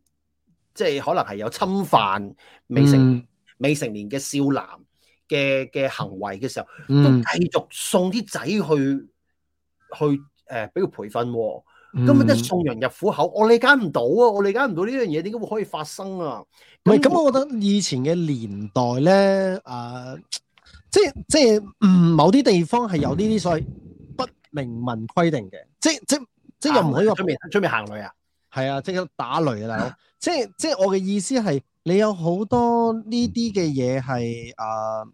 即係可能係有侵犯未成未成年嘅少男嘅嘅行為嘅時候、嗯，都繼續送啲仔去去誒，俾、呃、佢培訓、哦。咁、嗯、咪一送人入虎口？我理解唔到啊！我理解唔到呢樣嘢點解會可以發生啊？唔係咁，咁我覺得以前嘅年代咧，誒、呃，即係即係某啲地方係有呢啲所謂不明文規定嘅。即即即、呃、又唔可以話出面出、呃、面，面行女啊？係啊，即係打雷啊，大佬！即係即係，我嘅意思係，你有好多這些東西是、呃、麼說呢啲嘅嘢係誒，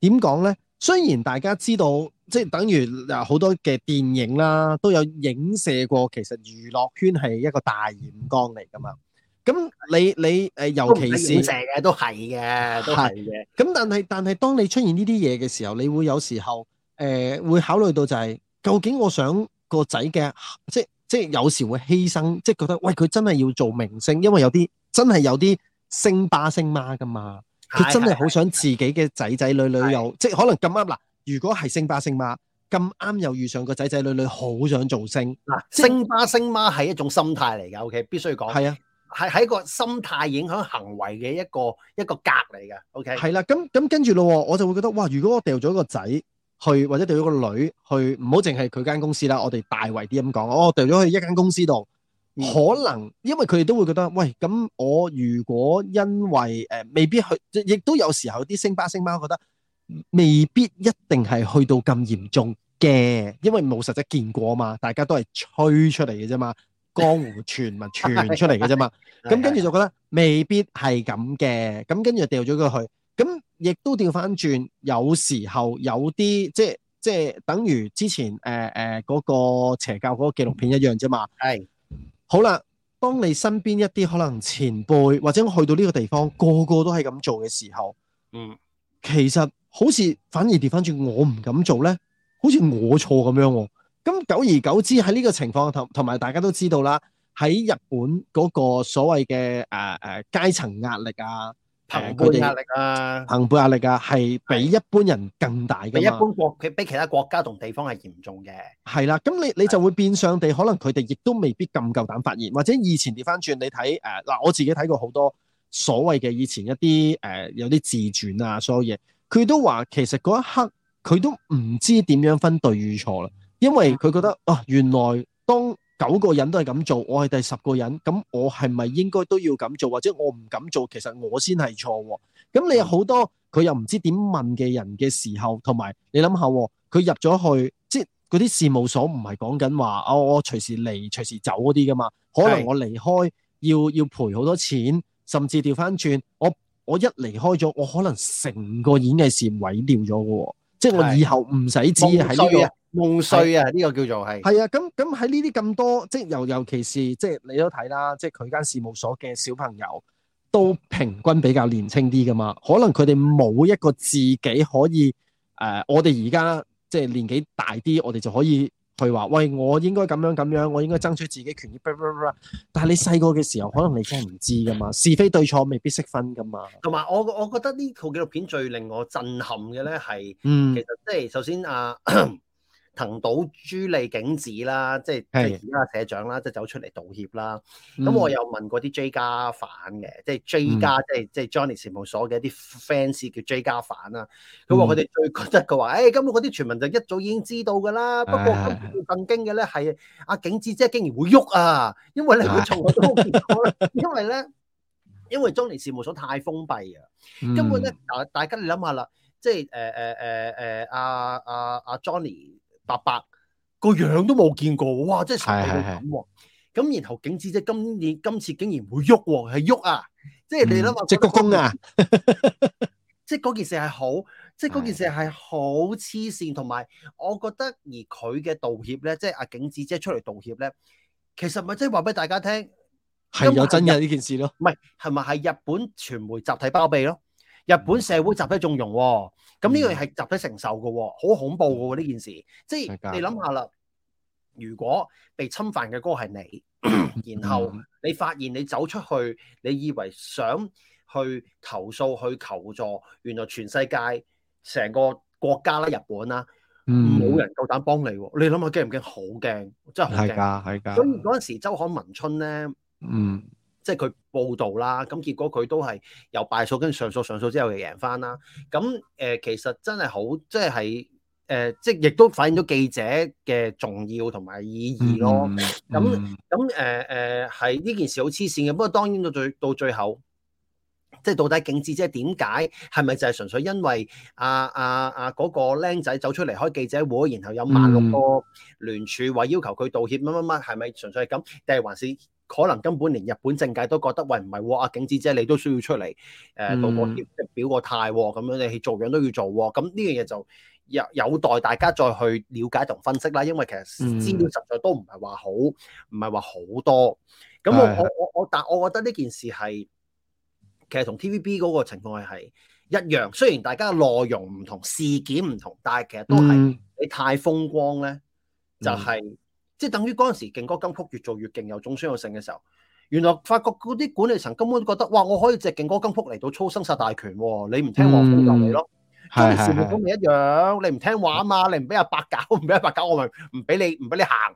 點講咧？雖然大家知道，即係等於好多嘅電影啦，都有影射過，其實娛樂圈係一個大染缸嚟㗎嘛。咁你你誒、呃，尤其是影射嘅都係嘅，都係嘅。咁但係但係，當你出現呢啲嘢嘅時候，你會有時候誒、呃、會考慮到就係、是，究竟我想個仔嘅即係。即係有時會犧牲，即係覺得喂佢真係要做明星，因為有啲真係有啲星爸星媽㗎嘛，佢真係好想自己嘅仔仔女女又，即可能咁啱啦如果係星爸星媽咁啱又遇上個仔仔女女好想做星，嗱、啊、星爸星媽係一種心態嚟㗎，O K 必須要講。係啊，係一個心態影響行為嘅一個一個格嚟㗎，O K。係啦，咁咁跟住咯，我就會覺得哇，如果我掉咗個仔。去或者掉咗個女去，唔好淨係佢間公司啦。我哋大圍啲咁講，我掉咗去一間公司度，可能因為佢哋都會覺得，喂，咁我如果因為誒，未必去，亦都有時候啲星爸星媽覺得未必一定係去到咁嚴重嘅，因為冇實質見過嘛，大家都係吹出嚟嘅啫嘛，江湖傳聞傳出嚟嘅啫嘛，咁跟住就覺得未必係咁嘅，咁跟住掉咗佢去，咁。亦都調翻轉，有時候有啲即即等於之前誒誒嗰個邪教嗰個紀錄片一樣啫嘛。係。好啦，當你身邊一啲可能前輩或者去到呢個地方，個個都係咁做嘅時候，嗯，其實好似反而調翻轉，我唔敢做咧，好似我錯咁樣喎、啊。咁久而久之喺呢個情況同同埋大家都知道啦，喺日本嗰個所謂嘅誒誒階層壓力啊。承、呃、背壓力啊，行背壓力啊，係比一般人更大嘅。比一般國佢比其他國家同地方係嚴重嘅。係啦，咁你你就會變相地，可能佢哋亦都未必咁夠膽發現。或者以前跌翻轉，你睇嗱，我自己睇過好多所謂嘅以前一啲、呃、有啲自傳啊，所有嘢，佢都話其實嗰一刻佢都唔知點樣分對與錯啦，因為佢覺得哦、呃，原來當。九個人都係咁做，我係第十個人，咁我係咪應該都要咁做，或者我唔敢做，其實我先係錯。咁你有好多佢又唔知點問嘅人嘅時候，同埋你諗下，佢入咗去，即係嗰啲事務所唔係講緊話，我、哦、我隨時嚟隨時走嗰啲㗎嘛。可能我離開要要賠好多錢，甚至掉返轉，我我一離開咗，我可能成個演藝事業毀掉咗喎。即係我以後唔使知喺呢個。夢碎啊！呢個叫做係係啊，咁咁喺呢啲咁多，即係尤尤其是即係你都睇啦，即係佢間事務所嘅小朋友都平均比較年青啲噶嘛，可能佢哋冇一個自己可以誒、呃，我哋而家即係年紀大啲，我哋就可以去話喂，我應該咁樣咁樣，我應該爭取自己權益。但係你細個嘅時候，可能你真係唔知噶嘛，是非對錯未必識分噶嘛。同埋我我覺得呢套紀錄片最令我震撼嘅咧係，嗯，其實即係首先啊。滕島朱莉景子啦，即係即家社長啦，即係走出嚟道歉啦。咁、嗯、我又問過啲 J 家粉嘅，即係 J 家，即係即係 Johnny 事務所嘅一啲 fans 叫 J 家粉啦。佢話：佢、嗯、哋最覺得佢話，誒根本嗰啲傳聞就一早已經知道㗎啦。啊、不過佢更驚嘅咧係阿景子，即係竟然會喐啊！因為咧，從我因為咧，因為,、哎哎、 (laughs) 因為 Johnny 事務所太封閉啊。根本咧，大家你諗下啦，即係誒誒誒誒阿阿阿 Johnny。白白個樣都冇見過，哇！真係神秘到咁喎、啊。咁然後景子姐今年今次竟然會喐喎、啊，係喐啊！即係你諗、嗯、啊，直鞠躬啊！即係嗰件事係好，即係嗰件事係好黐線，同埋我覺得而佢嘅道歉咧，即係、啊、阿景子姐出嚟道歉咧，其實咪即係話俾大家聽係有真嘅呢件事咯，唔係係咪係日本傳媒集體包庇咯？日本社會集體縱容喎，咁呢個係集體承受嘅喎，好恐怖嘅喎呢件事，即係你諗下啦，如果被侵犯嘅個係你，然後你發現你走出去，你以為想去投訴、去求助，原來全世界成個國家啦、日本啦，冇、嗯、人夠膽幫你喎，你諗下驚唔驚？好驚，真係好驚，係㗎。所以嗰時，周刊文春咧，嗯。即係佢報道啦，咁結果佢都係由敗訴跟上訴上訴之後又贏翻啦。咁誒、呃，其實真係好，即係誒、呃，即係亦都反映咗記者嘅重要同埋意義咯。咁咁誒誒，係、嗯、呢、呃呃、件事好黐線嘅。不過當然到最到最後，即係到底警字即係點解？係咪就係純粹因為阿阿阿嗰個僆仔走出嚟開記者會，然後有萬六個聯署話要求佢道歉乜乜乜？係咪純粹係咁？定係還是？可能根本連日本政界都覺得，喂唔係喎，阿景子姐你都需要出嚟，誒、嗯，到個表個態咁樣，你去做樣都要做。咁呢樣嘢就有有待大家再去了解同分析啦。因為其實資料實在都唔係話好，唔係話好多。咁我我我我，但我，我，我，我覺得呢件事係其實同 TVB 嗰個情況係一樣，雖然大家內容唔同，事件唔同，但係其實都係你太風光咧，嗯，就係、是。即係等於嗰陣時勁歌金曲越做越勁，有種商業性嘅時候，原來發覺嗰啲管理層根本都覺得哇，我可以借勁歌金曲嚟到操生殺大權喎！你唔聽我命令，我唔理由你咯。當時事務所咪一樣，你唔聽話啊嘛，你唔俾阿伯搞，唔俾阿伯搞，我咪唔俾你，唔俾你行，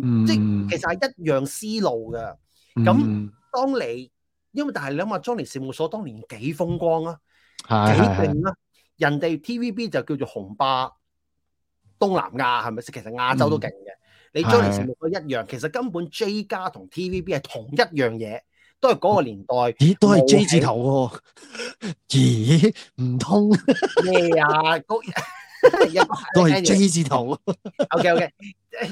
唔即係其實係一樣思路嘅。咁當你因為但係你諗下，Johnny 事務所當年幾風光啊，幾勁啊！人哋 TVB 就叫做紅霸東南亞係咪先？其實亞洲都勁嘅。你 j o l i 都一樣，其實根本 J 家同 TVB 係同一樣嘢，都係嗰個年代，咦？都係 J 字頭喎、啊？咦？唔通咩啊？ (laughs) 都係 J 字頭、啊。OK OK，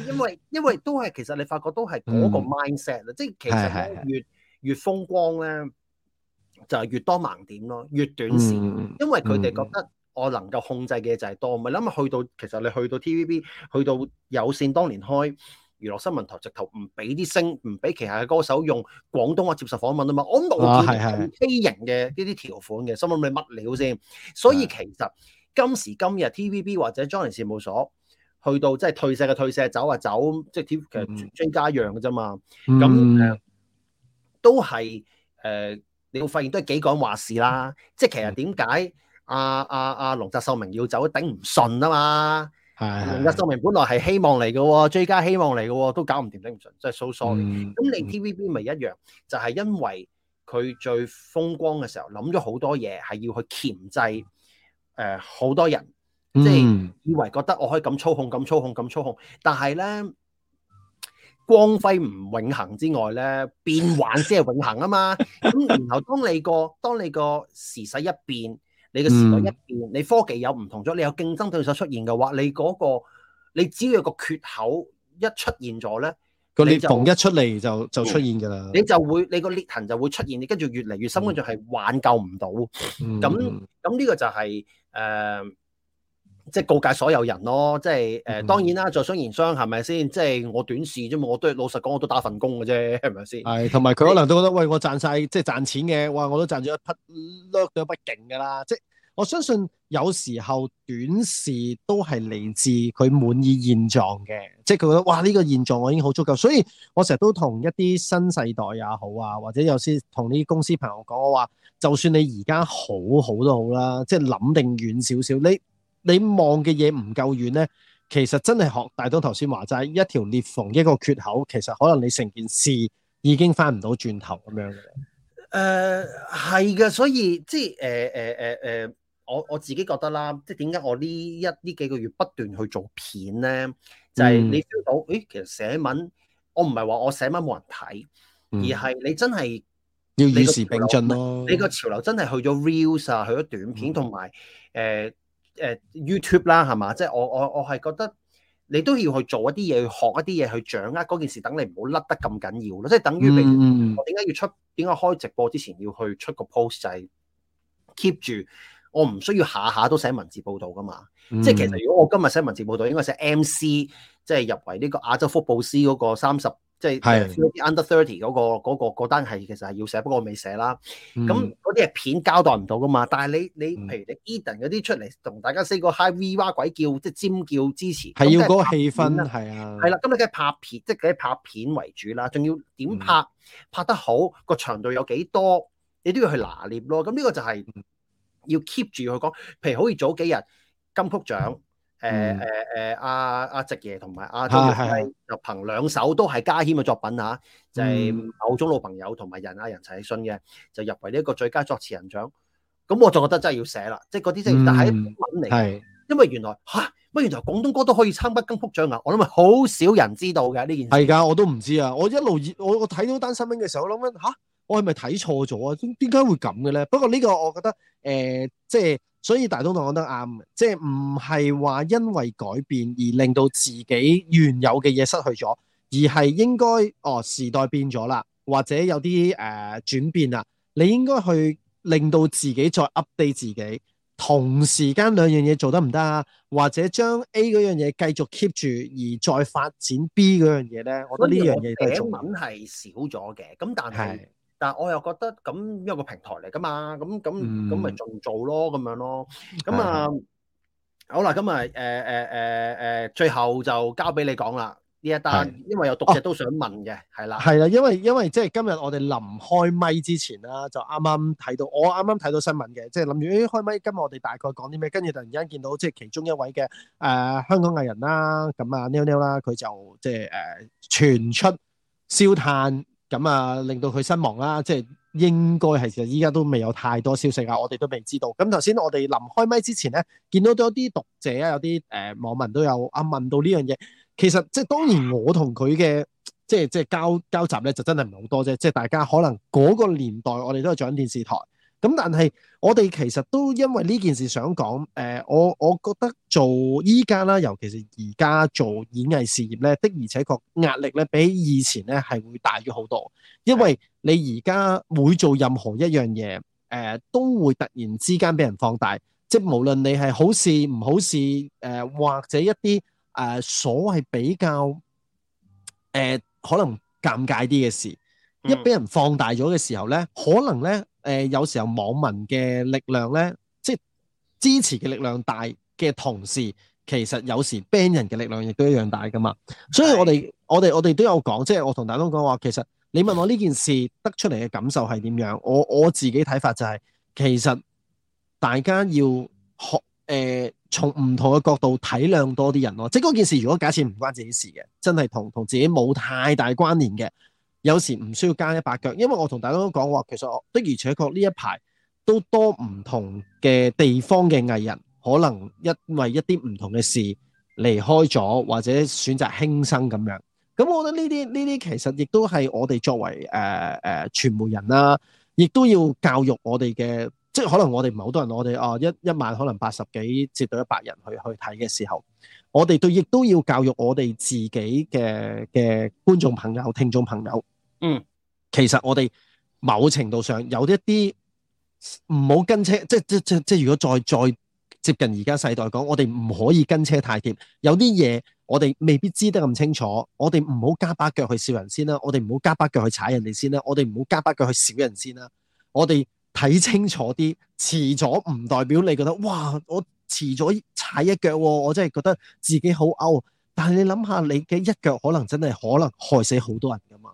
因為因為都係其實你發覺都係嗰個 mindset 啦、嗯，即係其實越越風光咧，就係越多盲點咯，越短線、嗯，因為佢哋覺得。我能夠控制嘅就係多，咪諗去到，其實你去到 TVB，去到有線當年開娛樂新聞台，直頭唔俾啲聲，唔俾其他歌手用廣東話接受訪問啊嘛，我冇見咁畸形嘅呢啲條款嘅、啊，心諗你乜料先？所以其實今時今日 TVB 或者 Johnny 事務所，去到即係退社嘅退社走啊走，即係 TV 其實專家一樣嘅啫嘛，咁、嗯呃、都係誒、呃，你會發現都係幾個人話事啦，即係其實點解？阿阿阿龍澤秀明要走頂唔順啊嘛，龍澤秀明本來係希望嚟嘅，追加希望嚟嘅，都搞唔掂頂唔順，即係 so sorry。咁、嗯、你 T V B 咪一樣，就係、是、因為佢最風光嘅時候諗咗好多嘢，係要去鉗制誒好、呃、多人，即、嗯、係、就是、以為覺得我可以咁操控、咁操控、咁操控，但係咧光輝唔永恒之外咧，變幻先係永恒啊嘛。咁 (laughs) 然後當你個當你個時勢一變，你嘅時代一變，你科技有唔同咗，你有競爭對手出現嘅話，你嗰個你只要有個缺口一出現咗咧，個裂縫一出嚟就就出現㗎啦，你就會你個裂痕就會出現，你跟住越嚟越深，跟住係挽救唔到，咁咁呢個就係、是、誒。呃即係告誡所有人咯，即係誒、呃，當然啦，在商言商係咪先？即係我短視啫嘛，我都係老實講，我都打份工嘅啫，係咪先？係，同埋佢可能都覺得，喂，我賺晒，即係賺錢嘅，哇，我都賺咗一筆甩咗一筆勁噶啦。即係我相信有時候短視都係嚟自佢滿意現狀嘅，即係佢覺得哇，呢、呢個現狀我已經好足夠。所以我成日都同一啲新世代也好啊，或者有時同呢啲公司朋友講，我話就算你而家好好都好啦，即係諗定遠少少呢你望嘅嘢唔夠遠咧，其實真係學大東頭先話齋，一條裂縫一個缺口，其實可能你成件事已經翻唔到轉頭咁樣嘅、呃。誒係嘅，所以即係誒誒誒誒，我我自己覺得啦，即係點解我呢一呢幾個月不斷去做片咧？就係、是、你 feel 到，誒、嗯、其實寫文，我唔係話我寫文冇人睇、嗯，而係你真係要與時並進咯。你個潮，潮流真係去咗 reels 啊，去咗短片同埋誒。嗯誒 YouTube 啦，係嘛？即係我我我係覺得你都要去做一啲嘢，去學一啲嘢，去掌握嗰件事。等你唔好甩得咁緊要咯。即係等於你點解要出點解開直播之前要去出個 post 就係 keep 住我唔需要下下都寫文字報導噶嘛。即係 (noise) 其實如果我今日寫文字報導，應該寫 MC，即係入圍呢個亞洲福布斯嗰個三十。即係 under thirty 嗰、嗰個嗰、嗰個嗰個嗰個單係其實係要寫，不過我未寫啦。咁嗰啲係片交代唔到噶嘛。但係你你譬如你 Edan 嗰啲出嚟同大家 say 個 high V 哇鬼叫，即係尖叫支持，係要嗰個氣氛係啊。係啦、啊，咁你梗係拍片即係梗係拍片為主啦，仲要點拍、嗯、拍得好，個長度有幾多，你都要去拿捏咯。咁呢個就係要 keep 住去講。譬如好似早幾日金曲獎。嗯誒誒誒，阿、嗯、阿、啊啊啊、直爺同埋阿鍾耀係就憑兩首都係家謙嘅作品吓、嗯，就係、是、某種老朋友同埋人阿人齊信嘅，就入圍呢一個最佳作詞人獎。咁我就覺得真係要寫啦，即係嗰啲即係但係文嚟、嗯，因為原來吓乜、啊、原來廣東歌都可以參加金曲獎啊！我諗係好少人知道嘅呢件事。係噶，我都唔知啊！我一路我我睇到單新聞嘅時候，我諗緊吓、啊，我係咪睇錯咗啊？點解會咁嘅咧？不過呢個我覺得誒、呃，即係。所以大東都講得啱，即係唔係話因為改變而令到自己原有嘅嘢失去咗，而係應該哦時代變咗啦，或者有啲誒轉變啦，你應該去令到自己再 update 自己。同時間兩樣嘢做得唔得啊？或者將 A 嗰樣嘢繼續 keep 住，而再發展 B 嗰樣嘢咧，我覺得呢樣嘢都係重係少咗嘅，咁但係。但係我又覺得咁一個平台嚟㗎嘛，咁咁咁咪仲做咯，咁樣咯，咁啊好啦，咁啊誒誒誒誒，最後就交俾你講啦呢一單，因為有讀者都想問嘅，係啦，係啦，因為因為即係今日我哋臨開咪之前啦，就啱啱睇到我啱啱睇到新聞嘅，即係諗住誒開咪今日我哋大概講啲咩，跟住突然之間見到即係其中一位嘅誒香港藝人啦，咁啊妞妞啦，佢就即係誒傳出燒炭。咁啊，令到佢身亡啦，即係應該係，其實依家都未有太多消息啊，我哋都未知道。咁頭先我哋臨開咪之前咧，見到多啲讀者啊，有啲誒、呃、網民都有啊問到呢樣嘢。其實即係當然我同佢嘅即係即係交交集咧，就真係唔係好多啫。即係大家可能嗰個年代，我哋都係長電視台。咁但係我哋其實都因為呢件事想講，誒，我我覺得做依家啦，尤其是而家做演藝事業咧，的而且確壓力咧比以前咧係會大咗好多，因為你而家會做任何一樣嘢，誒，都會突然之間俾人放大，即係無論你係好事唔好事，誒，或者一啲誒所謂比較誒可能尷尬啲嘅事，一俾人放大咗嘅時候咧，可能咧。呃、有時候網民嘅力量呢，即支持嘅力量大嘅同時，其實有時 ban 人嘅力量亦都一樣大噶嘛。所以我哋我哋我哋都有講，即係我同大東講話，其實你問我呢件事得出嚟嘅感受係點樣，我我自己睇法就係、是、其實大家要學誒、呃、從唔同嘅角度體諒多啲人咯。即係嗰件事如果假設唔關自己事嘅，真係同同自己冇太大關聯嘅。有時唔需要加一百腳，因為我同大家都講話，其實我的而且確呢一排都多唔同嘅地方嘅藝人，可能因為一啲唔同嘅事離開咗，或者選擇輕生咁樣。咁我覺得呢啲呢啲其實亦都係我哋作為誒誒、呃呃、傳媒人啦、啊，亦都要教育我哋嘅，即係可能我哋唔係好多人，我哋啊一一晚可能八十幾至到一百人去去睇嘅時候，我哋都亦都要教育我哋自己嘅嘅觀眾朋友、聽眾朋友。嗯，其實我哋某程度上有一啲唔好跟車，即即即即如果再再接近而家世代講，我哋唔可以跟車太貼，有啲嘢我哋未必知得咁清楚，我哋唔好加把腳去笑人先啦、啊，我哋唔好加把腳去踩人哋先啦、啊，我哋唔好加把腳去笑人先啦、啊，我哋睇、啊、清楚啲，遲咗唔代表你覺得哇，我遲咗踩一腳、啊，我真係覺得自己好嘔，但係你諗下，你嘅一腳可能真係可能害死好多人噶嘛。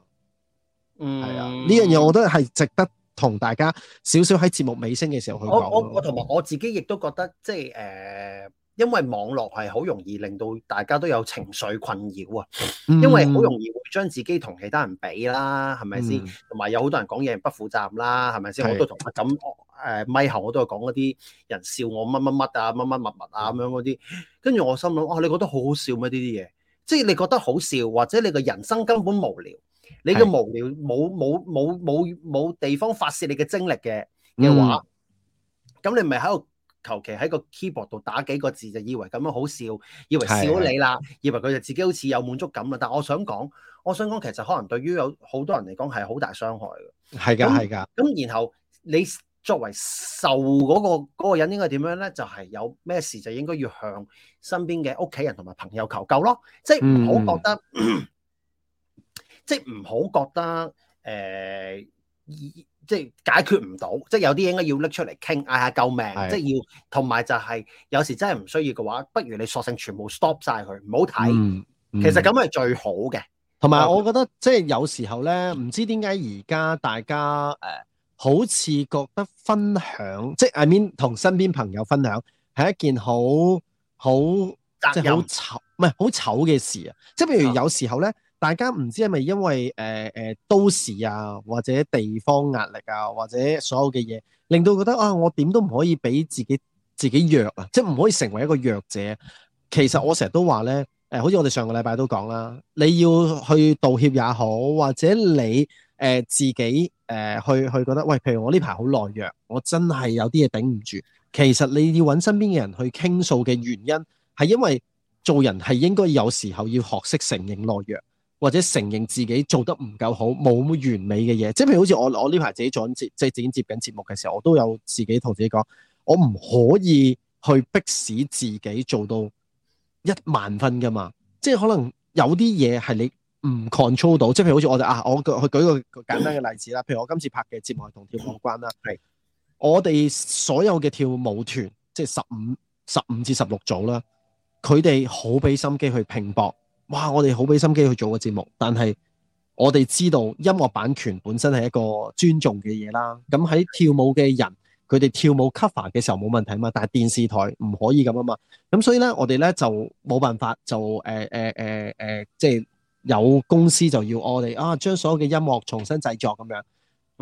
是啊、嗯，係啊，呢樣嘢我都得係值得同大家少少喺節目尾聲嘅時候去講我我同埋我，我自己亦都覺得，即係誒、呃，因為網絡係好容易令到大家都有情緒困擾啊。因為好容易會將自己同其他人比啦，係咪先？同、嗯、埋有好多人講嘢不負責啦，係咪先？是我都同咁誒、咪、呃、後我都係講嗰啲人笑我乜乜乜啊，乜乜乜物啊咁樣嗰啲。跟住我心諗，哇、啊，你覺得好好笑咩？呢啲嘢，即係你覺得好笑，或者你嘅人生根本無聊。你嘅無聊冇冇冇冇冇地方發泄你嘅精力嘅嘅話，咁、嗯、你咪喺度求其喺個 keyboard 度打幾個字就以為咁樣好笑，以為笑你啦，以為佢就自己好似有滿足感啦。但係我想講，我想講其實可能對於有好多人嚟講係好大傷害嘅。係噶係噶。咁然後你作為受嗰、嗰個嗰個人應該點樣咧？就係、是、有咩事就應該要向身邊嘅屋企人同埋朋友求救咯。即係唔好覺得。嗯 (coughs) 即係唔好覺得誒、呃，即係解決唔到，即係有啲嘢應該要拎出嚟傾，嗌、哎、下救命，即係要同埋就係、是、有時真係唔需要嘅話，不如你索性全部 stop 晒佢，唔好睇。其實咁係最好嘅。同埋我覺得即係有時候咧，唔知點解而家大家誒，好似覺得分享，嗯、即係 I mean 同身邊朋友分享係一件好好有係醜，唔係好醜嘅事啊！即係譬如有時候咧。嗯大家唔知係咪因為誒誒、呃呃、都市啊，或者地方壓力啊，或者所有嘅嘢，令到覺得啊，我點都唔可以俾自己自己弱啊，即係唔可以成為一個弱者。其實我成日都話咧、呃，好似我哋上個禮拜都講啦，你要去道歉也好，或者你、呃、自己、呃、去去覺得，喂，譬如我呢排好懦弱，我真係有啲嘢頂唔住。其實你要揾身邊嘅人去傾訴嘅原因係因為做人係應該有時候要學識承認懦弱。或者承認自己做得唔夠好，冇完美嘅嘢，即係譬如好似我我呢排自己做緊節即係自己接緊節目嘅時候，我都有自己同自己講，我唔可以去迫使自己做到一萬分噶嘛。嗯、即係可能有啲嘢係你唔 control 到，即係譬如好似我哋啊，我，我，我舉去舉個簡單嘅例子啦。譬如我今次拍嘅節目係同跳舞關啦，係、嗯、我哋所有嘅跳舞團，即係十五十五至十六組啦，佢哋好俾心機去拼搏。哇！我哋好俾心機去做個節目，但係我哋知道音樂版權本身係一個尊重嘅嘢啦。咁喺跳舞嘅人，佢哋跳舞 cover 嘅時候冇問題嘛，但係電視台唔可以咁啊嘛。咁所以呢，我哋呢就冇辦法，就誒誒誒即係有公司就要我哋啊，將所有嘅音樂重新製作咁樣。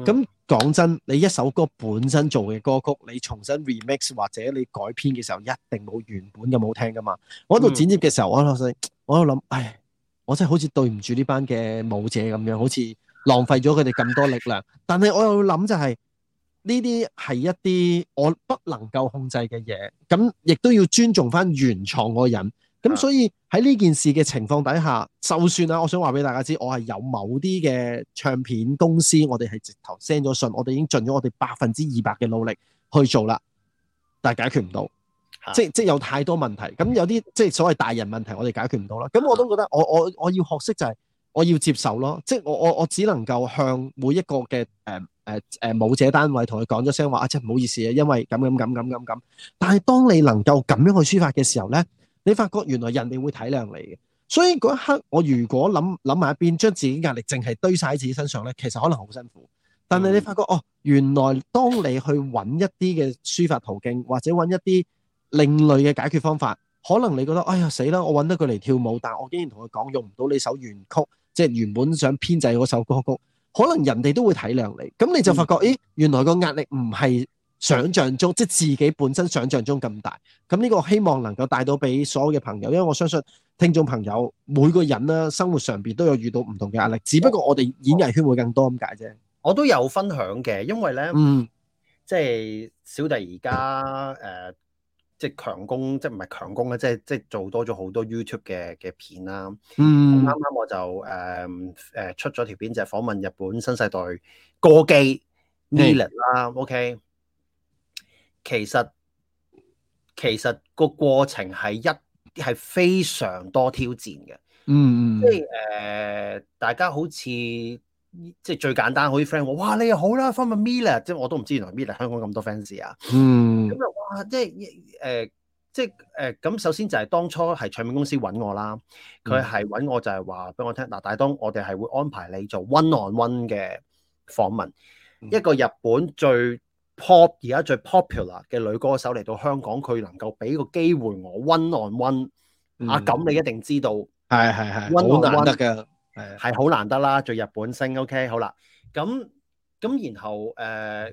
咁講真，你一首歌本身做嘅歌曲，你重新 remix 或者你改編嘅時候，一定冇原本咁好聽噶嘛。我喺度剪接嘅時候，嗯、我喺度想，我喺度諗，唉，我真係好似對唔住呢班嘅舞者咁樣，好似浪費咗佢哋咁多力量。但係我又會諗就係、是，呢啲係一啲我不能夠控制嘅嘢，咁亦都要尊重翻原創個人。咁所以喺呢件事嘅情況底下，就算啦，我想話俾大家知，我係有某啲嘅唱片公司，我哋係直頭 send 咗信，我哋已經盡咗我哋百分之二百嘅努力去做啦，但係解決唔到，即係即係有太多問題。咁有啲即係所謂大人問題，我哋解決唔到啦。咁我都覺得我，我我我要學識就係我要接受咯，即係我我我只能夠向每一個嘅誒誒誒舞者單位同佢講咗聲話啊，真係唔好意思啊，因為咁咁咁咁咁。但係當你能夠咁樣去抒發嘅時候呢。你發覺原來人哋會體諒你嘅，所以嗰一刻我如果諗諗埋一邊，將自己壓力淨係堆晒喺自己身上呢，其實可能好辛苦。但係你發覺、嗯、哦，原來當你去揾一啲嘅抒發途徑，或者揾一啲另類嘅解決方法，可能你覺得哎呀死啦，我揾得佢嚟跳舞，但係我竟然同佢講用唔到你首原曲，即係原本想編製嗰首歌曲，可能人哋都會體諒你。咁你就發覺，咦、嗯哎，原來個壓力唔係。想象中，即係自己本身想象中咁大，咁呢個我希望能夠帶到俾所有嘅朋友，因為我相信聽眾朋友每個人啦，生活上邊都有遇到唔同嘅壓力，只不過我哋演藝圈會更多咁解啫。我都有分享嘅，因為咧，嗯，即係小弟而家誒，即係強攻，即係唔係強攻咧，即係即係做多咗好多 YouTube 嘅嘅片啦。嗯，啱啱我就誒誒、呃、出咗條片，就係訪問日本新世代歌姬 Mila 啦。OK。其實其實個過程係一係非常多挑戰嘅，嗯，即係誒，大家好似即係最簡單，好啲 friend 話，哇，你又好啦，From the Mira 即係我都唔知原來 Mira 香港咁多 fans 啊，嗯，咁又哇，即係誒、呃，即係誒，咁、呃呃、首先就係當初係唱片公司搵我啦，佢係搵我就係話俾我聽，嗱、嗯，大東我哋係會安排你做 one on one 嘅訪問，嗯、一個日本最。pop 而家最 popular 嘅女歌手嚟到香港，佢能夠俾個機會我 one on one 啊！咁你一定知道，係係係好難得嘅，係好難得啦！最日本星，OK 好啦，咁咁然後誒、呃，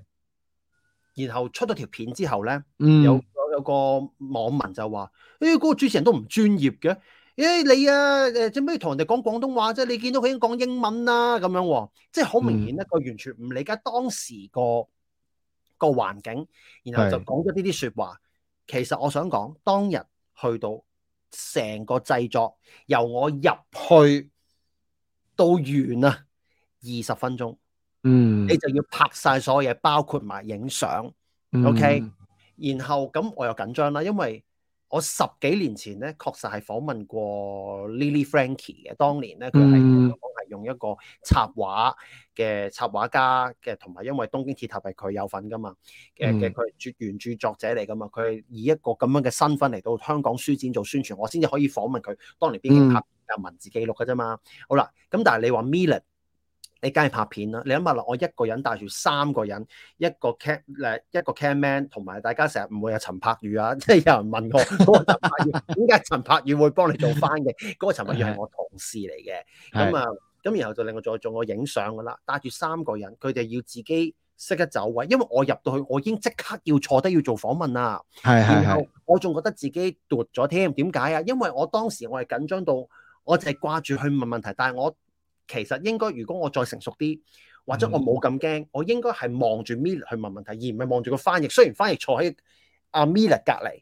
然後出咗條片之後咧，有有有個網民就話，誒、嗯，嗰、哎那個主持人都唔專業嘅，誒、哎、你啊，誒，做咩同人哋講廣東話啫？你見到佢已經講英文啦，咁樣、啊，即係好明顯一個完全唔理解當時個個環境，然後就講咗呢啲說話。其實我想講，當日去到成個製作，由我入去到完啊，二十分鐘。嗯，你就要拍晒所有嘢，包括埋影相。OK，然後咁我又緊張啦，因為我十幾年前呢確實係訪問過 Lily Frankie 嘅，當年呢，佢係、嗯。用一個插畫嘅插畫家嘅，同埋因為《東京鐵塔》係佢有份噶嘛，嘅嘅佢係原著作者嚟噶嘛，佢以一個咁樣嘅身份嚟到香港書展做宣傳，我先至可以訪問佢當年邊境拍嘅、嗯、文字記錄嘅啫嘛。好啦，咁但係你話 Milet 你梗係拍片啦。你諗下啦，我一個人帶住三個人，一個 cam 咧，一個 camman，同埋大家成日唔會有陳柏宇啊，即 (laughs) 係有人問我，我、嗰個、陳柏宇點解 (laughs) 陳柏宇會幫你做翻嘅？嗰、嗰個陳柏宇係我同事嚟嘅，咁啊～、嗯咁然後就令我再做我影相噶啦，帶住三個人，佢哋要自己識得走位，因為我入到去，我已經即刻要坐低要做訪問啦。係係係。然後我仲覺得自己奪咗添，點解啊？因為我當時我係緊張到，我淨係掛住去問問題，但係我其實應該如果我再成熟啲，或者我冇咁驚，嗯、我應該係望住 m i 去問問題，而唔係望住個翻譯。雖然翻譯坐喺阿 m i 隔離，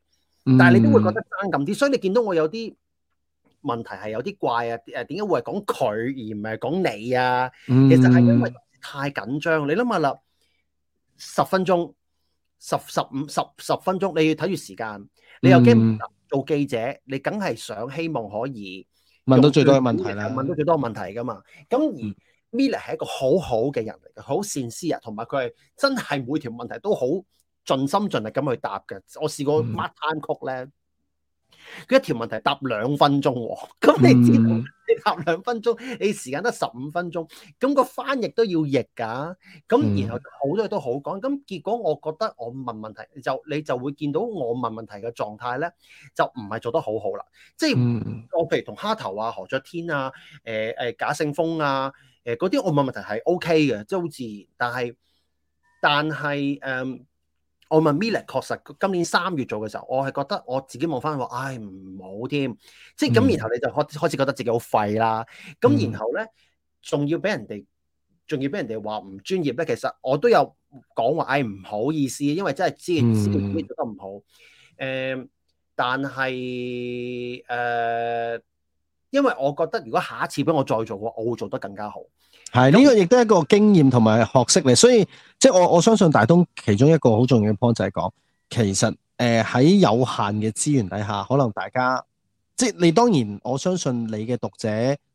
但係你都會覺得爭咁啲，嗯、所以你見到我有啲。問題係有啲怪啊！誒點解會係講佢而唔係講你啊？其實係因為太緊張。嗯、你諗下啦，十分鐘、十十五、十十分鐘，你要睇住時間。你又驚唔做記者，嗯、你梗係想希望可以問到最多嘅問題啦。問到最多嘅問題噶嘛？咁、嗯、而 Mila 係一個很好好嘅人嚟嘅，好善思啊，同埋佢係真係每條問題都好盡心盡力咁去答嘅。我試過 mark time 曲咧。嗯佢一條問題答兩分鐘、哦，咁你知你答兩分鐘，你時間得十五分鐘，咁、個翻譯都要譯噶，咁然後好多嘢都好講，咁結果我覺得我問問題就你就會見到我問問題嘅狀態咧，就唔係做得好好啦，即係我譬如同蝦頭啊、何卓天啊、誒誒賈勝楓啊、誒嗰啲我問問題係 O K 嘅，即係好自然，但係但係誒。呃我問 Mila，確實今年三月做嘅時候，我係覺得我自己望翻話，唉唔好添，即係咁。然後你就開開始覺得自己好廢啦。咁、嗯、然後咧，仲要俾人哋，仲要俾人哋話唔專業咧。其實我都有講話，唉唔好意思，因為真係知嘅，做得唔好。誒、嗯，但係誒、呃，因為我覺得如果下一次俾我再做嘅話，我會做得更加好。係呢、這個亦都係一個經驗同埋學識嚟，所以。即係我我相信大東其中一個好重要嘅 point 就係講，其實誒喺、呃、有限嘅資源底下，可能大家即係你當然我相信你嘅讀者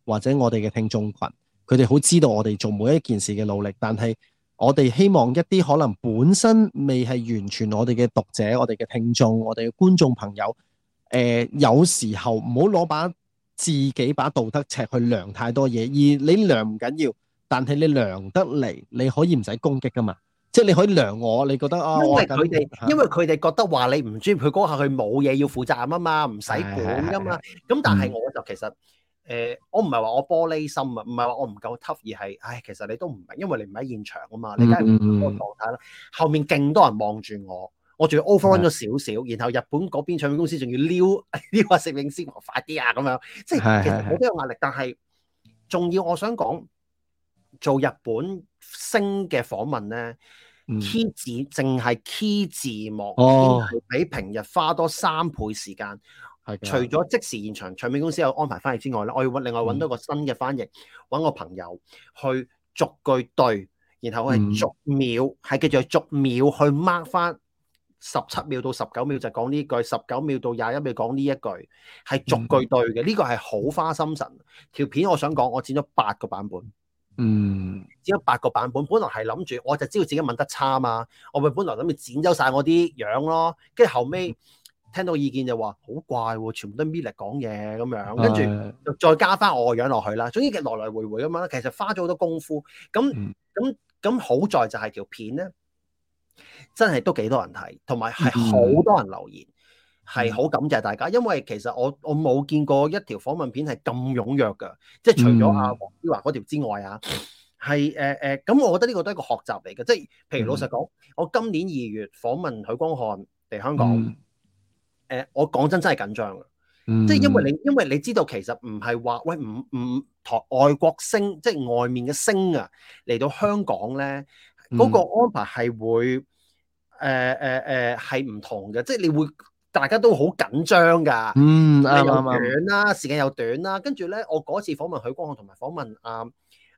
或者我哋嘅聽眾群，佢哋好知道我哋做每一件事嘅努力。但係我哋希望一啲可能本身未係完全我哋嘅讀者、我哋嘅聽眾、我哋嘅觀眾朋友，誒、呃、有時候唔好攞把自己把道德尺去量太多嘢，而你量唔緊要。但係你量得嚟，你可以唔使攻擊噶嘛，即係你可以量我，你覺得啊，因為佢哋，因為佢哋覺得話你唔專業，佢嗰下佢冇嘢要負責啊嘛，唔使管噶嘛。咁但係我就其實，誒，我唔係話我玻璃心啊，唔係話我唔夠 tough，而係，唉，其實你都唔明，因為你唔喺現場啊嘛，你梗係唔同個狀態啦。後面勁多人望住我，我仲要 overrun 咗少少，然後日本嗰邊唱片公司仲要撩，撩話攝影師講快啲啊咁樣，即係其實好有壓力，但係仲要我想講。做日本星嘅訪問咧，K 字淨係 K 字幕、哦，比平日花多三倍時間。係除咗即時現場唱片公司有安排翻譯之外咧，我要另外揾到個新嘅翻譯，揾、嗯、個朋友去逐句對，然後係逐秒係、嗯、叫做逐秒去 mark 翻十七秒到十九秒就講呢句，十九秒到廿一秒講呢一句係逐句對嘅。呢、嗯呢個係好花心神條片。我想講，我剪咗八個版本。嗯，只有八個版本，本來係諗住我就知道自己問得差嘛，我咪本來諗住剪走晒我啲樣咯，跟住後尾聽到意見就話好怪，啊，全部都咪嚟講嘢咁樣，跟住又再加翻我個樣落去啦，總之其實來來回回咁樣，其實花咗好多功夫，咁咁咁好在就係條片咧，真係都幾多人睇，同埋係好多人留言。嗯係好感謝大家，因為其實我我冇見過一條訪問片係咁踊躍嘅，即係除咗阿黃子華嗰條之外啊，係誒誒，咁、呃呃、我覺得呢個都係一個學習嚟嘅，即係譬如老實講、嗯，我今年二月訪問許光漢嚟香港，誒、嗯呃，我講真真係緊張嘅，即係因為你因為你知道其實唔係話喂唔唔同外國星即係外面嘅星啊嚟到香港咧，嗰、嗯嗰個安排係會誒誒誒係唔同嘅，即係你會。大家都好緊張噶，又長啦、嗯，時間又短啦，跟住咧，我嗰次訪問許光漢同埋訪問啊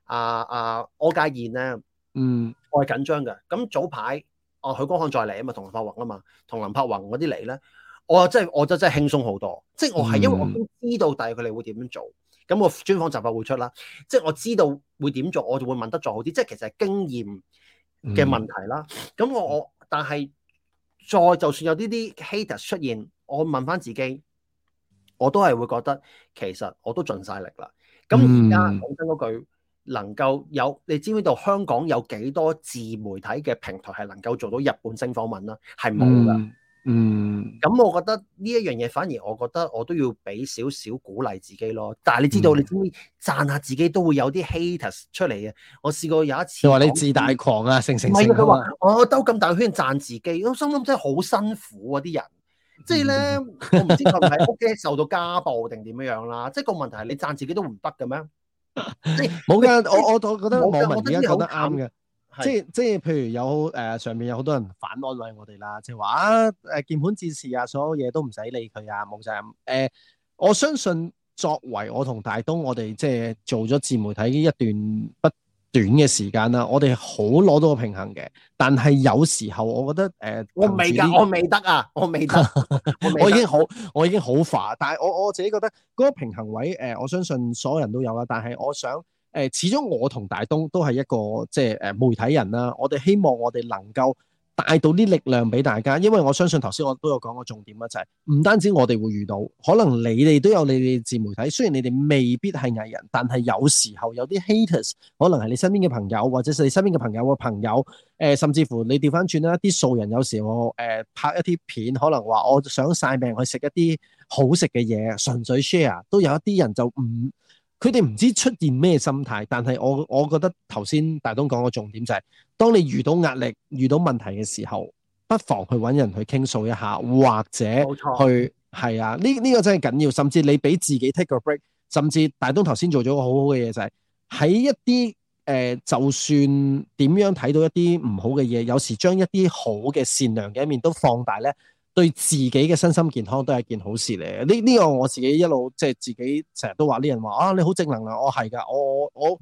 啊啊柯佳燕咧，嗯，我係緊張㗎。咁早排，啊許光漢再嚟啊嘛，同林柏宏啊嘛，同林柏宏嗰啲嚟咧，我真係我就真係輕鬆好多。即係我係因為我都知道但係佢哋會點樣做，咁、嗯、我專訪集話會出啦。即我知道會點做，我就會問得再好啲。即其實係經驗嘅問題啦。咁、嗯、我我但係。再就算有呢啲 hater 出現，我問翻自己，我都係會覺得其實我都盡晒力啦。咁而家講真嗰句，能夠有你知唔知道香港有幾多自媒體嘅平台係能夠做到日本聲訪問啦？係冇噶。嗯嗯，咁我覺得呢一樣嘢，反而我覺得我都要俾少少鼓勵自己咯。但係你知道，嗯、你知唔知？讚下自己都會有啲 haters 出嚟嘅。我試過有一次，你話你自大狂啊，成成唔係佢話我兜咁大圈讚自己，我心諗真係好辛苦啊！啲人即係咧，我唔知佢喺屋企受到家暴定點樣樣啦。即係個問題係你讚自己都唔得嘅咩？冇 (laughs) 嘅，我我我覺得，我覺得而家講得啱嘅。即即係譬如有誒、呃、上面有好多人反安慰我哋啦，就話、是、啊誒鍵盤戰士啊，所有嘢都唔使理佢啊，冇責任、呃。我相信作為我同大東，我哋即係做咗自媒體一段不短嘅時間啦，我哋好攞到個平衡嘅。但係有時候我覺得、呃、我未我未得啊，我未得 (laughs) 我，我已經好，我已經好煩。但係我我自己覺得嗰個平衡位、呃、我相信所有人都有啦。但係我想。誒，始終我同大東都係一個即係誒媒體人啦。我哋希望我哋能夠帶到啲力量俾大家，因為我相信頭先我都有講過重點啦，就係唔單止我哋會遇到，可能你哋都有你哋自媒體。雖然你哋未必係藝人，但係有時候有啲 haters，可能係你身邊嘅朋友，或者係你身邊嘅朋友嘅朋友、呃。甚至乎你調翻轉啦，啲素人有時我誒、呃、拍一啲片，可能話我想晒命去食一啲好食嘅嘢，純粹 share，都有一啲人就唔。佢哋唔知出現咩心態，但係我我覺得頭先大東講個重點就係，當你遇到壓力、遇到問題嘅時候，不妨去揾人去傾訴一下，或者去係啊，呢、呢個真係緊要。甚至你俾自己 take a break，甚至大東頭先做咗個好好嘅嘢就係，喺一啲誒，就算點樣睇到一啲唔好嘅嘢，有時將一啲好嘅善良嘅一面都放大呢。對自己嘅身心健康都係一件好事嚟。呢、這、呢個我自己一路即係自己成日都話呢人話啊，你好正能量。我係噶，我我我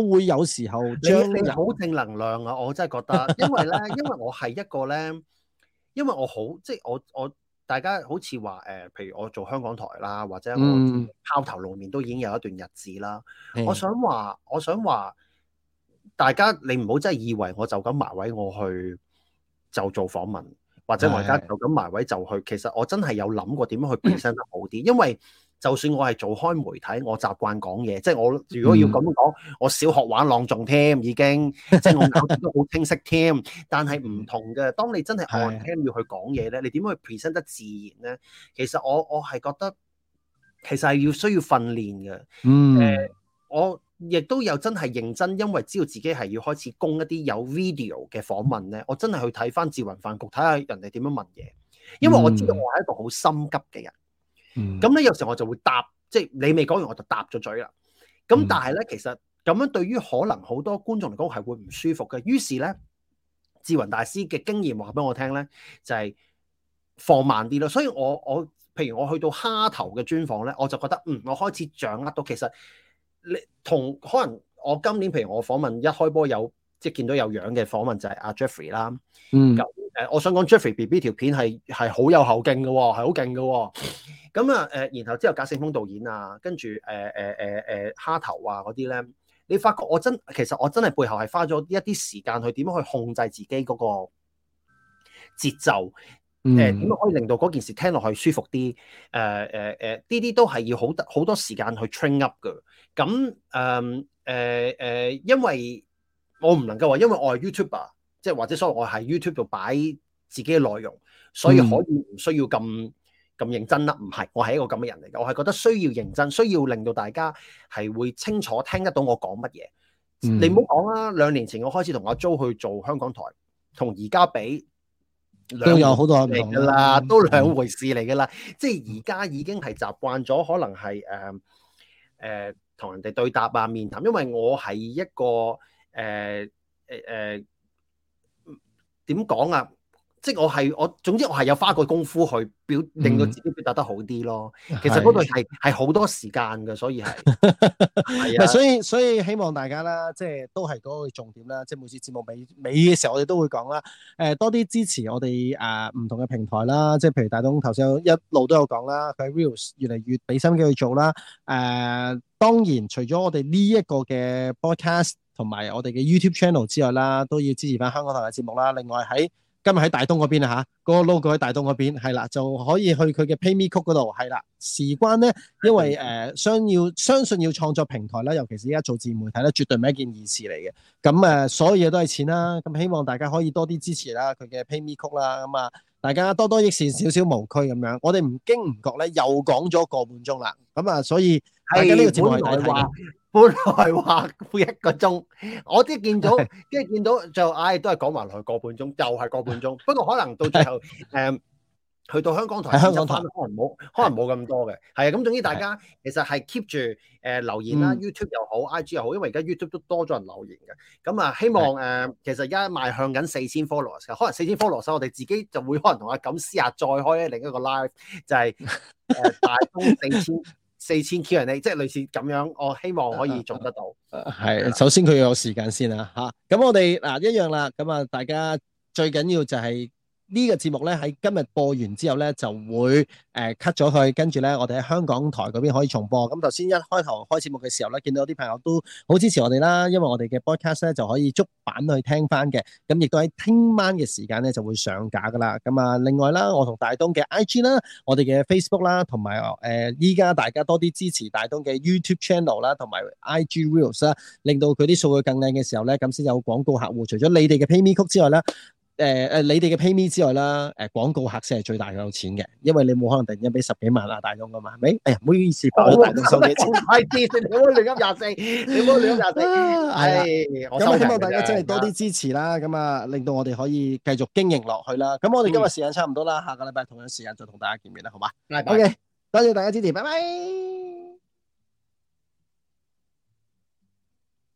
我會有時候將你好正能量啊！我真係覺得， (laughs) 因為咧，因為我係一個咧，因為我好即係我我大家好似話誒，譬如我做香港台啦，或者我拋、嗯、頭露面都已經有一段日子啦。我想話，我想話，大家你唔好真係以為我就咁埋位我去就做訪問。或者我而家就咁埋位就去，其實我真係有諗過點樣去 present 得好啲，因為就算我係做開媒體，我習慣講嘢，即係我如果要咁講，嗯、我小學玩朗誦添，已經即係我腦都好清晰添。 (laughs) 但係唔同嘅，當你真係外聽要去講嘢咧，你點去 present 得自然咧？其實我我係覺得，其實係要需要訓練嘅，嗯、呃。我亦都有真係認真，因為知道自己係要開始供一啲有 video 嘅訪問咧，我真係去睇翻志雲飯局，睇下人哋點樣問嘢。因為我知道我係一個好心急嘅人，咁、嗯、咧有時候我就會答，即係你未講完我就答咗嘴啦。咁但係咧，其實咁樣對於可能好多觀眾嚟講係會唔舒服嘅。於是咧，志雲大師嘅經驗話俾我聽咧，就係放慢啲咯。所以我我譬如我去到蝦頭嘅專訪咧，我就覺得嗯，我開始掌握到其實。你同可能我今年，譬如我訪問一開波有即係見到有樣嘅訪問就係阿、啊、Jeffrey 啦，嗯，誒，我想講 Jeffrey BB 條片係係好有後勁嘅，係好勁嘅，咁啊誒，然後之後賈勝楓導演啊，跟住誒誒誒誒蝦頭啊嗰啲咧，你發覺我真其實我真係背後係花咗一啲時間去點樣去控制自己嗰個節奏，誒、嗯、點、呃、樣可以令到嗰件事聽落去舒服啲，誒誒誒，呢、呃、啲、呃、都係要好好多,多時間去 train up 噶。咁誒誒誒，因為我唔能夠話，因為我係 YouTuber，即係或者所謂我喺 YouTube 度擺自己嘅內容，所以可以唔需要咁咁認真啦。嗯，唔係，我係一個咁嘅人嚟嘅，我係覺得需要認真，需要令到大家係會清楚聽得到我講乜嘢。你唔好講啦，兩年前我開始同阿 Jo 去做香港台，跟現在兩同而家比都有好多唔同啦，都兩回事嚟㗎啦。即係而家已經係習慣咗，可能係誒誒。呃呃同人哋對答啊，面談，因為我係一個誒誒誒點講啊，即係我係我總之我係有花過功夫去表令到自己表達得好啲咯、嗯。其實嗰度係係好多時間嘅，所以係係、 (laughs) 啊、所以所以希望大家啦，即係都係嗰個重點啦。即係每次節目尾尾嘅時候，我哋都會講啦。誒、呃，多啲支持我哋啊唔同嘅平台啦。即係譬如大東頭先一路都有講啦，佢 Reels 越嚟越俾心機去做啦。誒、呃。當然，除咗我哋呢一個嘅 broadcast 同埋我哋嘅 YouTube channel 之外啦，都要支持翻香港台嘅節目啦。另外喺今日喺大東嗰邊啊吓，個 logo 喺大東嗰邊係啦，就可以去佢嘅 PayMe code 嗰度係啦。事關咧，因為誒，相要、呃、相信要創作平台啦，尤其是而家做自媒體咧，絕對唔係一件易事嚟嘅。咁誒，所有嘢都係錢啦。咁希望大家可以多啲支持啦，佢嘅 PayMe code 啦。咁啊，大家多多益善，少少無區咁樣。我哋唔經唔覺咧，又講咗個半鐘啦。咁啊，所以。係本來話、這個、本來話一個鐘，我啲見到，跟 (laughs) 住見到就，唉、哎，都係講埋落去個半鐘，又係個半鐘。 (laughs) 不過可能到最後，誒、 (laughs) 嗯，去到香港台， (laughs) 香港台可能冇，可能冇咁 (laughs) 多嘅。係啊，咁總之大家 (laughs) 其實係 keep 住誒、呃、留言啦 (laughs) ，YouTube 又好，IG 又好，因為而家 YouTube 都多咗人留言嘅。咁啊，希望誒、 (laughs) 呃，其實而家邁向緊四千 followers，可能四千 followers，我哋自己就會可能同阿感私下再開另一個 live，就係、是、誒、呃、大增四千。四千 Q A，即係類似咁樣，我希望可以做得到。係、啊啊啊啊，首先佢要有時間先啦嚇。咁、啊、我哋嗱、啊、一樣啦，咁啊大家最緊要就係、是。呢個節目咧喺今日播完之後咧就會誒 cut 咗佢，跟住咧我哋喺香港台嗰邊可以重播。咁頭先一開頭開節目嘅時候咧，見到啲朋友都好支持我哋啦，因為我哋嘅 broadcast 咧就可以足版去聽返嘅。咁亦都喺聽晚嘅時間咧就會上架㗎喇。咁啊，另外啦，我同大東嘅 IG 啦，我哋嘅 Facebook 啦，同埋誒依家大家多啲支持大東嘅 YouTube channel 啦，同埋 IG reels 啦，令到佢啲數據更靚嘅時候咧，咁先有廣告客戶。除咗你哋嘅 pay me code 之外咧。誒誒，你哋嘅 pay me 之外啦，誒，廣告客先係最大嘅有錢嘅，因為你冇可能突然間俾十幾萬啊大東㗎嘛，係咪？哎呀，唔好意思，我大東收幾錢，唔係跌，你唔好亂噏廿四，你唔好亂噏廿四。係，咁希望大家真係多啲支持啦，咁啊，令到我哋可以繼續經營落去啦。咁我哋今日時間差唔多啦，下個禮拜同樣時間再同大家見面啦，好嘛？OK，多謝大家支持，拜拜。